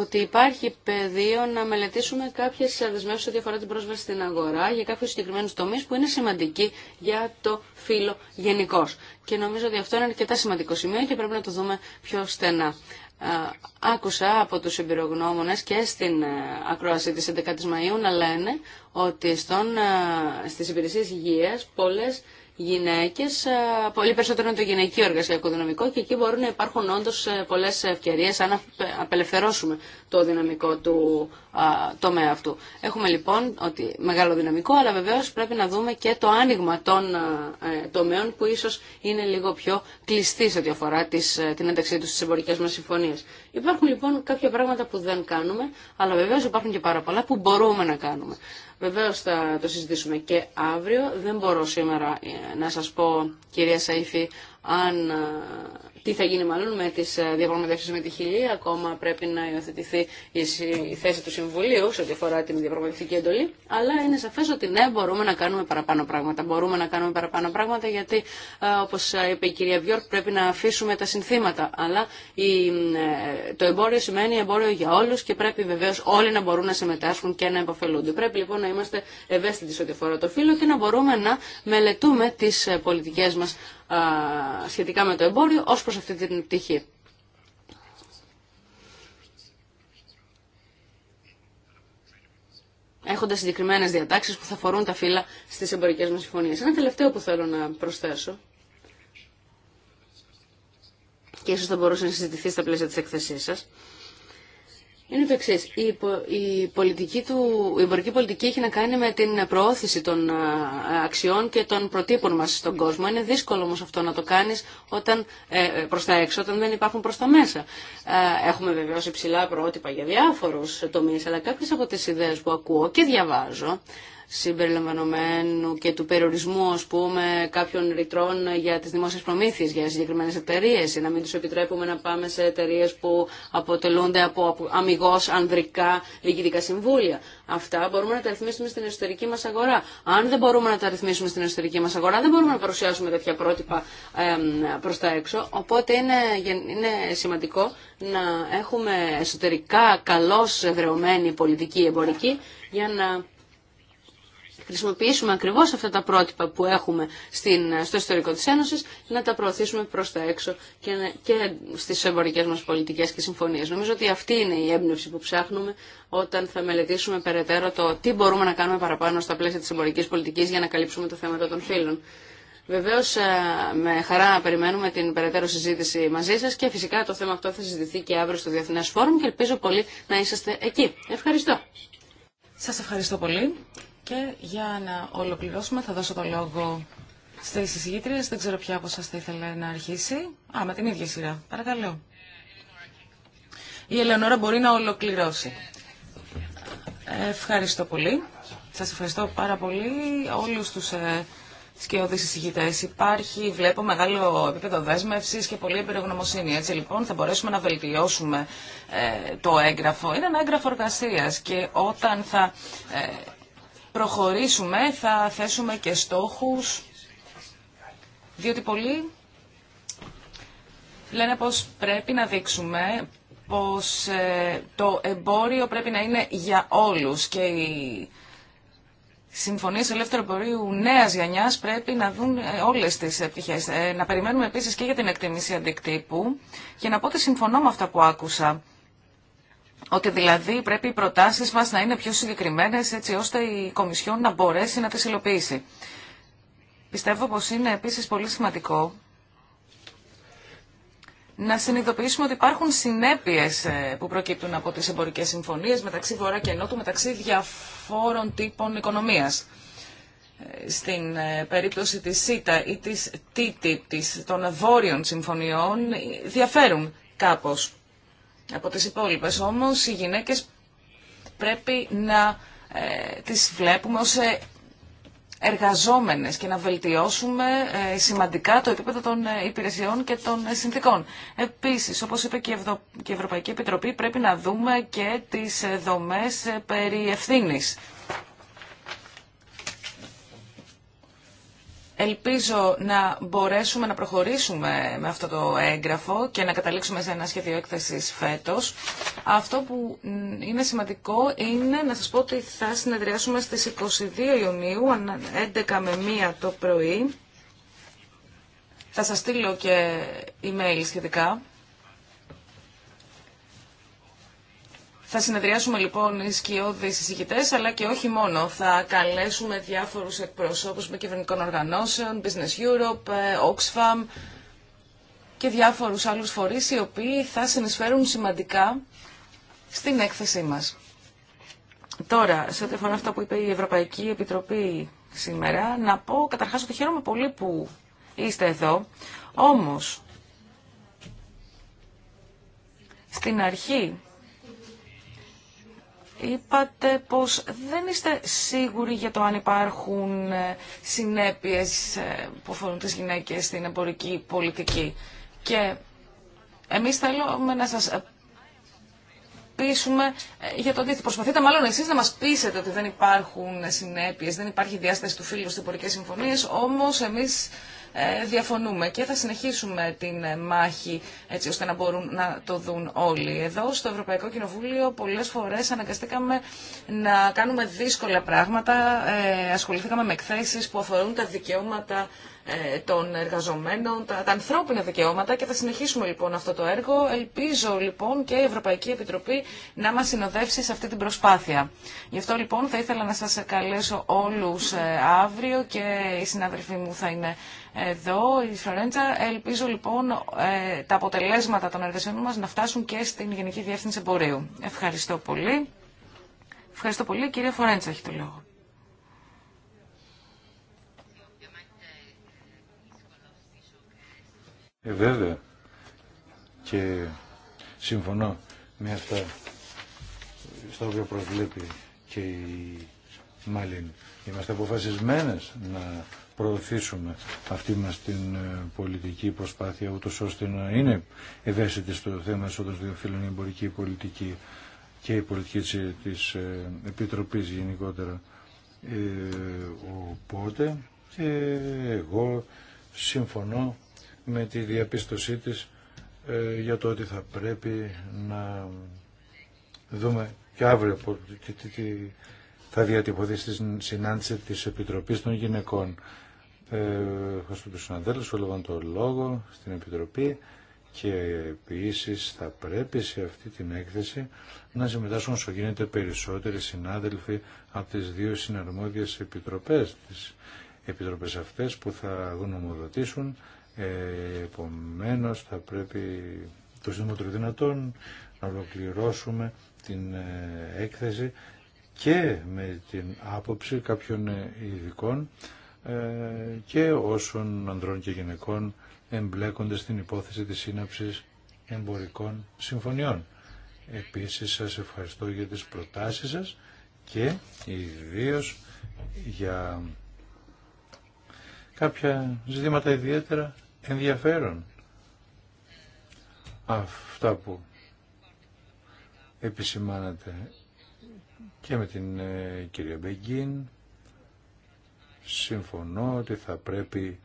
S2: ότι υπάρχει πεδίο να μελετήσουμε κάποιε δεσμεύσει ό,τι αφορά την πρόσβαση στην αγορά για κάποιου συγκεκριμένου τομεί που είναι σημαντικοί για το φύλλο γενικώ. Και νομίζω ότι αυτό είναι αρκετά σημαντικό σημείο και πρέπει να το δούμε πιο στενά. Άκουσα από τους εμπειρογνώμονες και στην ε, ακρόαση τη 11 η Μαΐου να λένε ότι στον, ε, στις υπηρεσίες υγείας πολλές γυναίκες, ε, πολύ περισσότερο είναι το γυναικείο εργασιακό δυναμικό και εκεί μπορούν να υπάρχουν όντως ε, πολλές ευκαιρίες αν απελευθερώσουμε το δυναμικό του τομέα αυτού. Έχουμε λοιπόν ότι μεγάλο δυναμικό, αλλά βεβαίως πρέπει να δούμε και το άνοιγμα των τομέων που ίσως είναι λίγο πιο κλειστή σε ό,τι αφορά την ένταξή του στις εμπορικές μας συμφωνίες. Υπάρχουν λοιπόν κάποια πράγματα που δεν κάνουμε, αλλά βεβαίω υπάρχουν και πάρα πολλά που μπορούμε να κάνουμε. Βεβαίω θα το συζητήσουμε και αύριο. Δεν μπορώ σήμερα ε, να σας πω, κυρία Σαΐφη, αν ε, τι θα γίνει μάλλον με τι ε, διαπραγματεύσει με τη Χιλή. Ακόμα πρέπει να υιοθετηθεί η θέση του Συμβουλίου σε ό,τι αφορά την διαπραγματευτική εντολή. Αλλά είναι σαφέ ότι ναι, μπορούμε να κάνουμε παραπάνω πράγματα. Μπορούμε να κάνουμε παραπάνω πράγματα γιατί, ε, όπω είπε η κυρία Βιόρκ, πρέπει να αφήσουμε τα συνθήματα. Αλλά ε, το εμπόριο σημαίνει εμπόριο για όλου και πρέπει βεβαίω όλοι να μπορούν να συμμετάσχουν και να υποφελούνται. Πρέπει λοιπόν να είμαστε ευαίσθητοι σε ό,τι αφορά το φύλλο και να μπορούμε να μελετούμε τι πολιτικέ μα σχετικά με το εμπόριο ως προς αυτή την πτυχή. Έχοντας συγκεκριμένε διατάξεις που θα φορούν τα φύλλα στις εμπορικές μας συμφωνίες. Ένα τελευταίο που θέλω να προσθέσω και ίσως θα μπορούσε να συζητηθεί στα πλαίσια της εκθεσής σας είναι το εξή. Η, πολιτική του, η εμπορική πολιτική έχει να κάνει με την προώθηση των αξιών και των προτύπων μας στον κόσμο. Είναι δύσκολο όμως αυτό να το κάνεις όταν, ε, ε, προς τα έξω, όταν δεν υπάρχουν προς τα μέσα. Έχουμε βεβαίως υψηλά πρότυπα για διάφορους τομείς, αλλά κάποιες από τις ιδέες που ακούω και διαβάζω συμπεριλαμβανομένου και του περιορισμού α πούμε, κάποιων ρητρών για τι δημόσιε προμήθειε για συγκεκριμένε εταιρείε ή να μην του επιτρέπουμε να πάμε σε εταιρείε που αποτελούνται από αμυγό ανδρικά διοικητικά συμβούλια. Αυτά μπορούμε να τα ρυθμίσουμε στην εσωτερική μα αγορά. Αν δεν μπορούμε να τα ρυθμίσουμε στην εσωτερική μα αγορά, δεν μπορούμε να παρουσιάσουμε τέτοια πρότυπα προ τα έξω. Οπότε είναι, είναι σημαντικό να έχουμε εσωτερικά καλώ εδρεωμένη πολιτική εμπορική για να χρησιμοποιήσουμε ακριβώς αυτά τα πρότυπα που έχουμε στην, στο ιστορικό της Ένωσης, να τα προωθήσουμε προς τα έξω και, και στις εμπορικές μας πολιτικές και συμφωνίες. Νομίζω ότι αυτή είναι η έμπνευση που ψάχνουμε όταν θα μελετήσουμε περαιτέρω το τι μπορούμε να κάνουμε παραπάνω στα πλαίσια της εμπορικής πολιτικής για να καλύψουμε το θέμα των φύλων. Βεβαίω, ε, με χαρά περιμένουμε την περαιτέρω συζήτηση μαζί σα και φυσικά το θέμα αυτό θα συζητηθεί και αύριο στο Διεθνέ Φόρουμ και ελπίζω πολύ να είσαστε εκεί. Ευχαριστώ. Σα ευχαριστώ
S3: πολύ. Και για να ολοκληρώσουμε θα δώσω το λόγο στις συζήτριες. Δεν ξέρω ποια από σας θα ήθελε να αρχίσει. Α, με την ίδια σειρά. Παρακαλώ. Η Ελεονόρα μπορεί να ολοκληρώσει. Ευχαριστώ πολύ. Σας ευχαριστώ πάρα πολύ όλους τους ε, σκιώδεις Υπάρχει, βλέπω, μεγάλο επίπεδο δέσμευσης και πολύ εμπειρογνωμοσύνη. Έτσι λοιπόν θα μπορέσουμε να βελτιώσουμε ε, το έγγραφο. Είναι ένα έγγραφο εργασία και όταν θα... Ε, προχωρήσουμε, θα θέσουμε και στόχους, διότι πολλοί λένε πως πρέπει να δείξουμε πως ε, το εμπόριο πρέπει να είναι για όλους και οι συμφωνίες ελεύθερου εμπορίου νέας γενιάς πρέπει να δουν ε, όλες τις επιτυχίες. Ε, να περιμένουμε επίσης και για την εκτίμηση αντικτύπου και να πω ότι συμφωνώ με αυτά που άκουσα ότι δηλαδή πρέπει οι προτάσεις μας να είναι πιο συγκεκριμένες έτσι ώστε η Κομισιόν να μπορέσει να τις υλοποιήσει. Πιστεύω πως είναι επίσης πολύ σημαντικό να συνειδητοποιήσουμε ότι υπάρχουν συνέπειες ε, που προκύπτουν από τις εμπορικές συμφωνίες μεταξύ Βορρά και Νότου, μεταξύ διαφόρων τύπων οικονομίας. Ε, στην ε, περίπτωση της ΣΥΤΑ ή της ΤΙΤΙΠ, των βόρειων συμφωνιών, διαφέρουν κάπως από τις υπόλοιπες. Όμως οι γυναίκες πρέπει να ε, τις βλέπουμε ως ε, εργαζόμενες και να βελτιώσουμε ε, σημαντικά το επίπεδο των ε, υπηρεσιών και των συνθήκων. Επίσης, όπως είπε και η, Ευρωπαϊκή Επιτροπή, πρέπει να δούμε και τις δομές περί ευθύνης. Ελπίζω να μπορέσουμε να προχωρήσουμε με αυτό το έγγραφο και να καταλήξουμε σε ένα σχέδιο έκθεσης φέτος. Αυτό που είναι σημαντικό είναι να σας πω ότι θα συνεδριάσουμε στις 22 Ιουνίου, 11 με 1 το πρωί. Θα σας στείλω και email σχετικά. Θα συνεδριάσουμε λοιπόν οι σκιώδεις συζητητές, αλλά και όχι μόνο. Θα καλέσουμε διάφορους εκπροσώπους με κυβερνικών οργανώσεων, Business Europe, ε, Oxfam και διάφορους άλλους φορείς, οι οποίοι θα συνεισφέρουν σημαντικά στην έκθεσή μας. Τώρα, σε ό,τι αφορά αυτά που είπε η Ευρωπαϊκή Επιτροπή σήμερα, να πω καταρχάς ότι χαίρομαι πολύ που είστε εδώ, όμως στην αρχή Είπατε πως δεν είστε σίγουροι για το αν υπάρχουν ε, συνέπειες ε, που αφορούν τις γυναίκες στην εμπορική πολιτική. Και εμείς θέλουμε να σας πείσουμε ε, για το αντίθετο. Προσπαθείτε μάλλον εσείς να μας πείσετε ότι δεν υπάρχουν συνέπειες, δεν υπάρχει διάσταση του φίλου στις εμπορικές συμφωνίες, όμως εμείς ε, διαφωνούμε και θα συνεχίσουμε την ε, μάχη έτσι ώστε να μπορούν να το δουν όλοι. Εδώ στο Ευρωπαϊκό Κοινοβούλιο πολλές φορές αναγκαστήκαμε να κάνουμε δύσκολα πράγματα, ε, ασχοληθήκαμε με εκθέσεις που αφορούν τα δικαιώματα ε, των εργαζομένων, τα, τα ανθρώπινα δικαιώματα και θα συνεχίσουμε λοιπόν αυτό το έργο. Ελπίζω λοιπόν και η Ευρωπαϊκή Επιτροπή να μας συνοδεύσει σε αυτή την προσπάθεια. Γι' αυτό λοιπόν θα ήθελα να σας καλέσω όλους ε, αύριο και οι συναδελφοί μου θα είναι εδώ, η Φλωρέντσα. Ελπίζω λοιπόν ε, τα αποτελέσματα των εργασιών μας να φτάσουν και στην Γενική Διεύθυνση Εμπορίου. Ευχαριστώ πολύ. Ευχαριστώ πολύ. Κυρία Φορέντσα έχει το λόγο.
S1: Ε, βέβαια. Και συμφωνώ με αυτά στα οποία προβλέπει και η Μάλιν. Είμαστε αποφασισμένες να προωθήσουμε αυτή μας την ε, πολιτική προσπάθεια ούτως ώστε να είναι ευαίσθητη στο θέμα εσόδος δύο η πολιτική και η πολιτική της ε, ε, Επιτροπής γενικότερα. Ε, οπότε και εγώ συμφωνώ με τη διαπίστωσή της ε, για το ότι θα πρέπει να δούμε και αύριο τι θα διατυπωθεί στη συνάντηση της Επιτροπής των Γυναικών. Ε, ευχαριστώ τους που έλαβαν το λόγο στην Επιτροπή και επίση θα πρέπει σε αυτή την έκθεση να συμμετάσχουν όσο γίνεται περισσότεροι συνάδελφοι από τις δύο συναρμόδιες επιτροπές, τις επιτροπές αυτές που θα γνωμοδοτήσουν Επομένω θα πρέπει το σύντομο δυνατών να ολοκληρώσουμε την ε, έκθεση και με την άποψη κάποιων ε, ειδικών ε, και όσων ανδρών και γυναικών εμπλέκονται στην υπόθεση της σύναψης εμπορικών συμφωνιών. Επίσης σας ευχαριστώ για τις προτάσεις σας και ιδίω για κάποια ζητήματα ιδιαίτερα ενδιαφέρον αυτά που επισημάνατε και με την ε, κυρία Μπεγκίν συμφωνώ ότι θα πρέπει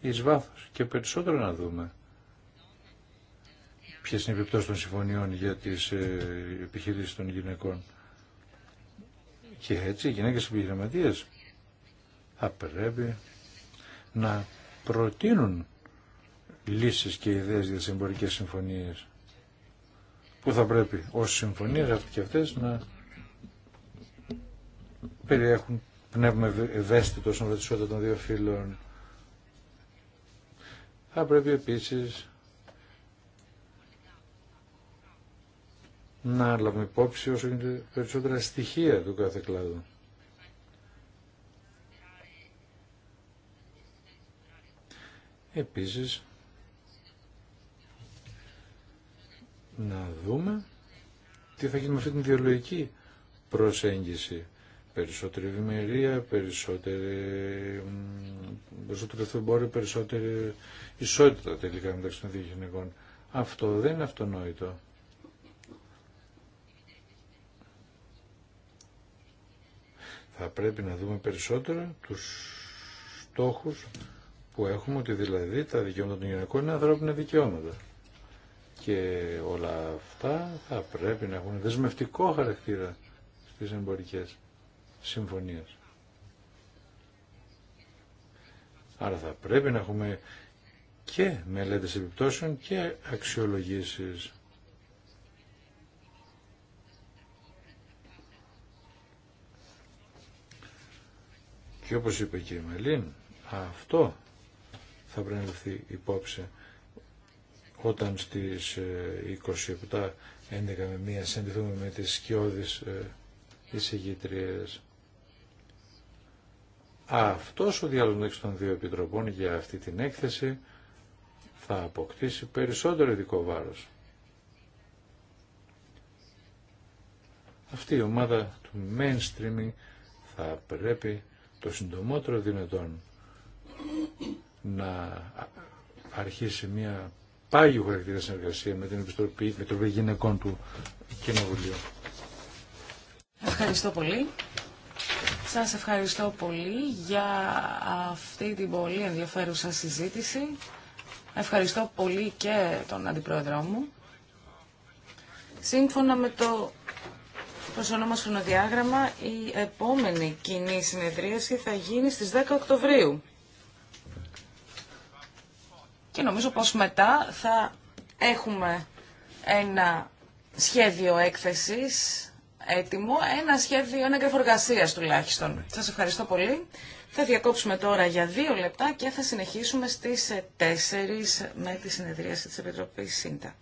S1: εις βάθος και περισσότερο να δούμε ποιες είναι οι επιπτώσεις των συμφωνιών για τις ε, επιχειρήσεις των γυναικών και έτσι οι γυναίκες επιχειρηματίες θα πρέπει να προτείνουν λύσεις και ιδέες για τις εμπορικές συμφωνίες που θα πρέπει ως συμφωνίες και αυτές να περιέχουν πνεύμα ευαίσθητο στον ρωτησότητα των δύο φίλων. Θα πρέπει επίσης να λάβουμε υπόψη όσο γίνεται περισσότερα στοιχεία του κάθε κλάδου. Επίσης, να δούμε τι θα γίνει με αυτή την ιδεολογική προσέγγιση. Περισσότερη ευημερία, περισσότερη, περισσότερο ισότητα τελικά μεταξύ των δύο γυναικών. Αυτό δεν είναι αυτονόητο. Θα πρέπει να δούμε περισσότερο τους στόχους που έχουμε, ότι δηλαδή τα δικαιώματα των γυναικών είναι ανθρώπινα δικαιώματα και όλα αυτά θα πρέπει να έχουν δεσμευτικό χαρακτήρα στις εμπορικές συμφωνίες. Άρα θα πρέπει να έχουμε και μελέτες επιπτώσεων και αξιολογήσεις. Και όπως είπε και η Μελίν, αυτό θα πρέπει να υπόψη όταν στις 27 ε, με μία συνδεθούμε με τις σκιώδεις ε, εισηγήτριες. Αυτός ο διάλογος των δύο επιτροπών για αυτή την έκθεση θα αποκτήσει περισσότερο ειδικό βάρος. Αυτή η ομάδα του mainstream θα πρέπει το συντομότερο δυνατόν να αρχίσει μια Πάγιο χαρακτήρα συνεργασία με την Επιστροπή, το Γυναικών του Κοινοβουλίου.
S3: Ευχαριστώ πολύ. Σας ευχαριστώ πολύ για αυτή την πολύ ενδιαφέρουσα συζήτηση. Ευχαριστώ πολύ και τον Αντιπρόεδρό μου. Σύμφωνα με το προσωπικό μας χρονοδιάγραμμα, η επόμενη κοινή συνεδρίαση θα γίνει στις 10 Οκτωβρίου. Και νομίζω πως μετά θα έχουμε ένα σχέδιο έκθεσης έτοιμο, ένα σχέδιο, ένα τουλάχιστον. Σας ευχαριστώ πολύ. Θα διακόψουμε τώρα για δύο λεπτά και θα συνεχίσουμε στις 4 με τη συνεδρίαση της Επιτροπής ΣΥΝΤΑ.